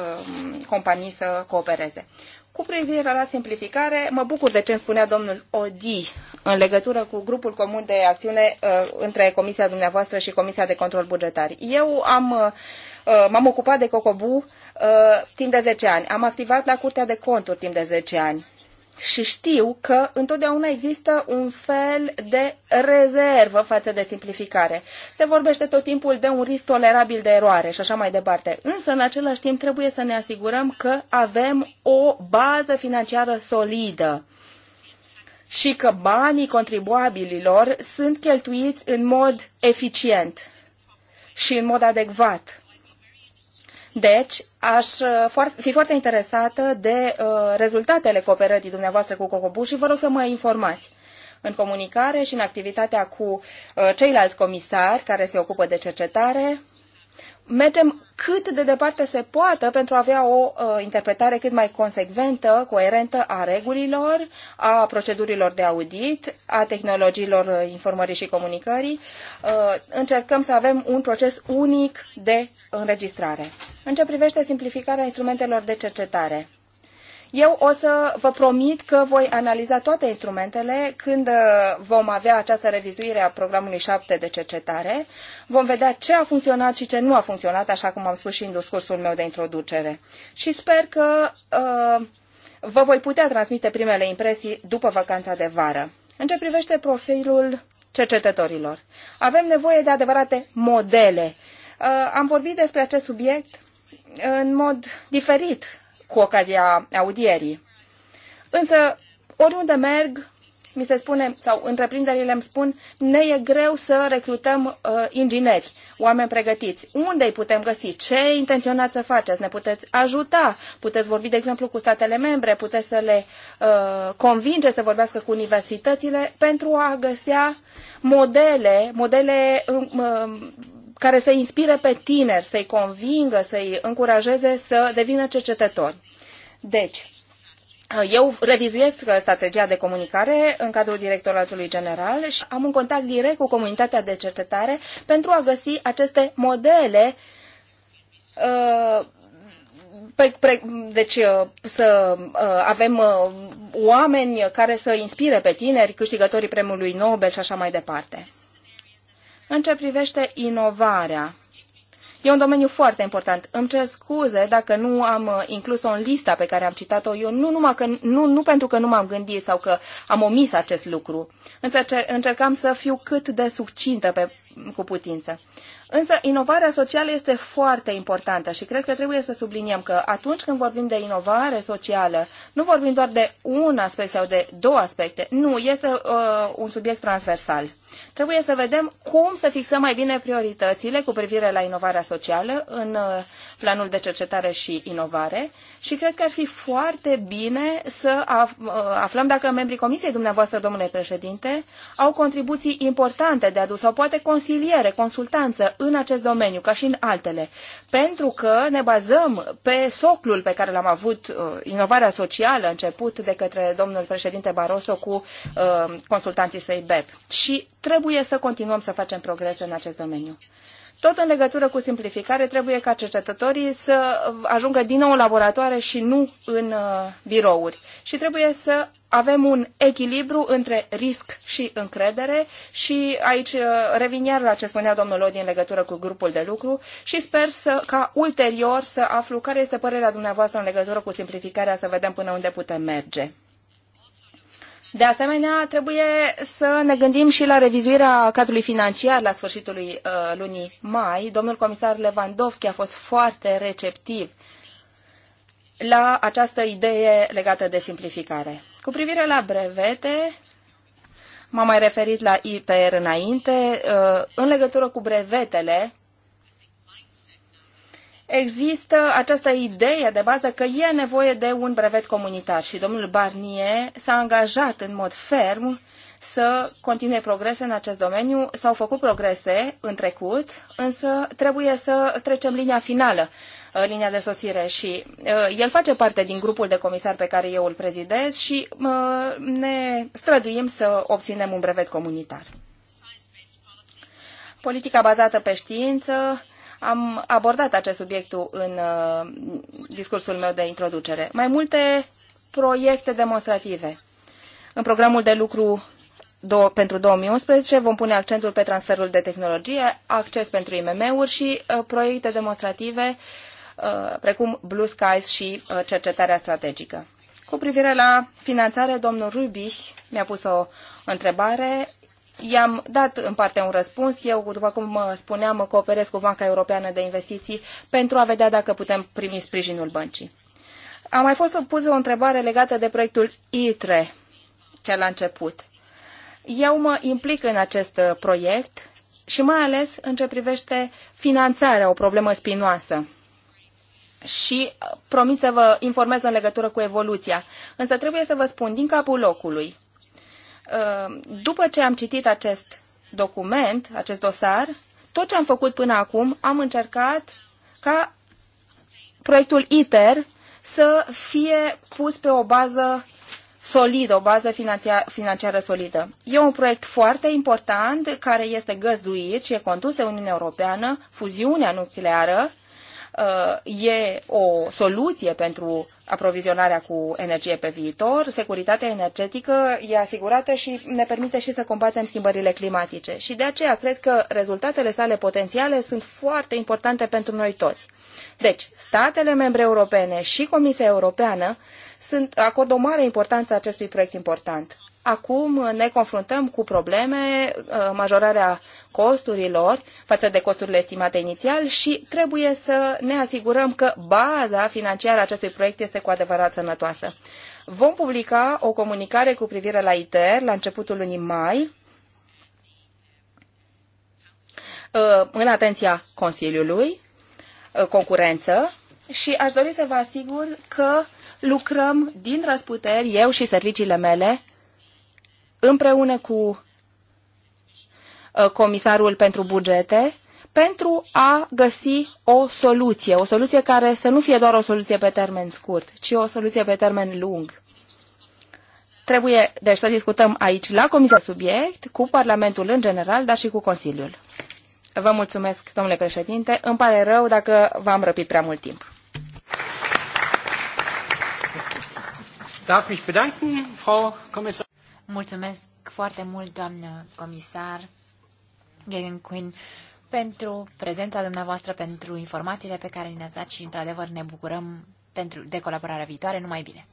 um, companii să coopereze. Cu privire la simplificare, mă bucur de ce îmi spunea domnul Odi în legătură cu grupul comun de acțiune uh, între Comisia dumneavoastră și Comisia de Control Bugetar. Eu am, uh, uh m-am ocupat de COCOBU Uh, timp de 10 ani. Am activat la Curtea de Conturi timp de 10 ani. Și știu că întotdeauna există un fel de rezervă față de simplificare. Se vorbește tot timpul de un risc tolerabil de eroare și așa mai departe. Însă, în același timp, trebuie să ne asigurăm că avem o bază financiară solidă și că banii contribuabililor sunt cheltuiți în mod eficient și în mod adecvat deci, aș uh, fi foarte interesată de uh, rezultatele cooperării dumneavoastră cu Cocobu și vă rog să mă informați în comunicare și în activitatea cu uh, ceilalți comisari care se ocupă de cercetare mergem cât de departe se poate pentru a avea o uh, interpretare cât mai consecventă, coerentă a regulilor, a procedurilor de audit, a tehnologiilor uh, informării și comunicării. Uh, încercăm să avem un proces unic de înregistrare. În ce privește simplificarea instrumentelor de cercetare, eu o să vă promit că voi analiza toate instrumentele când uh, vom avea această revizuire a programului 7 de cercetare. Vom vedea ce a funcționat și ce nu a funcționat, așa cum am spus și în discursul meu de introducere. Și sper că uh, vă voi putea transmite primele impresii după vacanța de vară. În ce privește profilul cercetătorilor, avem nevoie de adevărate modele. Uh, am vorbit despre acest subiect în mod diferit cu ocazia audierii. Însă, oriunde merg, mi se spune, sau întreprinderile îmi spun, ne e greu să recrutăm uh, ingineri, oameni pregătiți. Unde îi putem găsi? Ce intenționați să faceți? Ne puteți ajuta? Puteți vorbi, de exemplu, cu statele membre? Puteți să le uh, convinge să vorbească cu universitățile pentru a găsea modele, modele uh, care să inspire pe tineri, să-i convingă, să-i încurajeze să devină cercetători. Deci, eu revizuiesc strategia de comunicare în cadrul directoratului general și am un contact direct cu comunitatea de cercetare pentru a găsi aceste modele uh, pe, pre, deci uh, să uh, avem uh, oameni care să inspire pe tineri, câștigătorii premiului Nobel și așa mai departe. În ce privește inovarea, E un domeniu foarte important. Îmi cer scuze dacă nu am uh, inclus-o în lista pe care am citat-o eu, nu, numai că, nu, nu pentru că nu m-am gândit sau că am omis acest lucru, însă cer, încercam să fiu cât de succintă pe, cu putință. Însă inovarea socială este foarte importantă și cred că trebuie să subliniem că atunci când vorbim de inovare socială, nu vorbim doar de un aspect sau de două aspecte. Nu, este uh, un subiect transversal. Trebuie să vedem cum să fixăm mai bine prioritățile cu privire la inovarea socială în uh, planul de cercetare și inovare și cred că ar fi foarte bine să uh, aflăm dacă membrii comisiei dumneavoastră, domnule președinte, au contribuții importante de adus sau poate consiliere, consultanță în acest domeniu, ca și în altele, pentru că ne bazăm pe soclul pe care l-am avut, uh, inovarea socială, început de către domnul președinte Barroso cu uh, consultanții săi BEP. Și trebuie să continuăm să facem progrese în acest domeniu. Tot în legătură cu simplificare, trebuie ca cercetătorii să ajungă din nou în laboratoare și nu în uh, birouri. Și trebuie să avem un echilibru între risc și încredere și aici uh, revin iar la ce spunea domnul Lodi în legătură cu grupul de lucru și sper să, ca ulterior să aflu care este părerea dumneavoastră în legătură cu simplificarea, să vedem până unde putem merge. De asemenea, trebuie să ne gândim și la revizuirea cadrului financiar la sfârșitul uh, lunii mai. Domnul comisar Lewandowski a fost foarte receptiv la această idee legată de simplificare. Cu privire la brevete, m-am mai referit la IPR înainte, uh, în legătură cu brevetele, există această idee de bază că e nevoie de un brevet comunitar și domnul Barnier s-a angajat în mod ferm să continue progrese în acest domeniu. S-au făcut progrese în trecut, însă trebuie să trecem linia finală, uh, linia de sosire și uh, el face parte din grupul de comisar pe care eu îl prezidez și uh, ne străduim să obținem un brevet comunitar. Politica bazată pe știință am abordat acest subiect în uh, discursul meu de introducere. Mai multe proiecte demonstrative. În programul de lucru do pentru 2011 vom pune accentul pe transferul de tehnologie, acces pentru IMM-uri și uh, proiecte demonstrative uh, precum Blue Skies și cercetarea strategică. Cu privire la finanțare, domnul Rubiș mi-a pus o întrebare i-am dat în parte un răspuns. Eu, după cum spuneam, cooperez cu Banca Europeană de Investiții pentru a vedea dacă putem primi sprijinul băncii. A mai fost pusă o întrebare legată de proiectul ITRE, chiar la început. Eu mă implic în acest proiect și mai ales în ce privește finanțarea, o problemă spinoasă și uh, promit să vă informez în legătură cu evoluția. Însă trebuie să vă spun din capul locului Uh, după ce am citit acest document, acest dosar, tot ce am făcut până acum, am încercat ca proiectul ITER să fie pus pe o bază solidă, o bază financiară solidă. E un proiect foarte important care este găzduit și e condus de Uniunea Europeană, fuziunea nucleară, Uh, e o soluție pentru aprovizionarea cu energie pe viitor. Securitatea energetică e asigurată și ne permite și să combatem schimbările climatice. Și de aceea cred că rezultatele sale potențiale sunt foarte importante pentru noi toți. Deci, statele membre europene și Comisia Europeană sunt, acordă o mare importanță acestui proiect important acum ne confruntăm cu probleme, uh, majorarea costurilor față de costurile estimate inițial și trebuie să ne asigurăm că baza financiară a acestui proiect este cu adevărat sănătoasă. Vom publica o comunicare cu privire la ITER la începutul lunii mai uh, în atenția Consiliului uh, Concurență și aș dori să vă asigur că lucrăm din răsputeri, eu și serviciile mele, împreună cu uh, comisarul pentru bugete pentru a găsi o soluție, o soluție care să nu fie doar o soluție pe termen scurt, ci o soluție pe termen lung. Trebuie, deci, să discutăm aici la Comisia Subiect, cu Parlamentul în general, dar și cu Consiliul. Vă mulțumesc, domnule președinte. Îmi pare rău dacă v-am răpit prea mult timp. Darf mich bedanken, Frau Kommissar. Mulțumesc foarte mult, doamnă comisar Gagan Quinn, pentru prezența dumneavoastră, pentru informațiile pe care le-ați dat și, într-adevăr, ne bucurăm pentru, de colaborarea viitoare. Numai bine!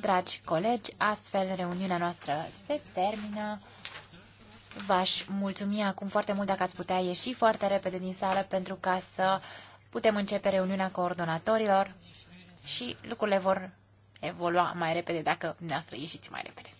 Dragi colegi, astfel reuniunea noastră se termină. V-aș mulțumi acum foarte mult dacă ați putea ieși foarte repede din sală pentru ca să putem începe reuniunea coordonatorilor și lucrurile vor evolua mai repede dacă dumneavoastră ieșiți mai repede.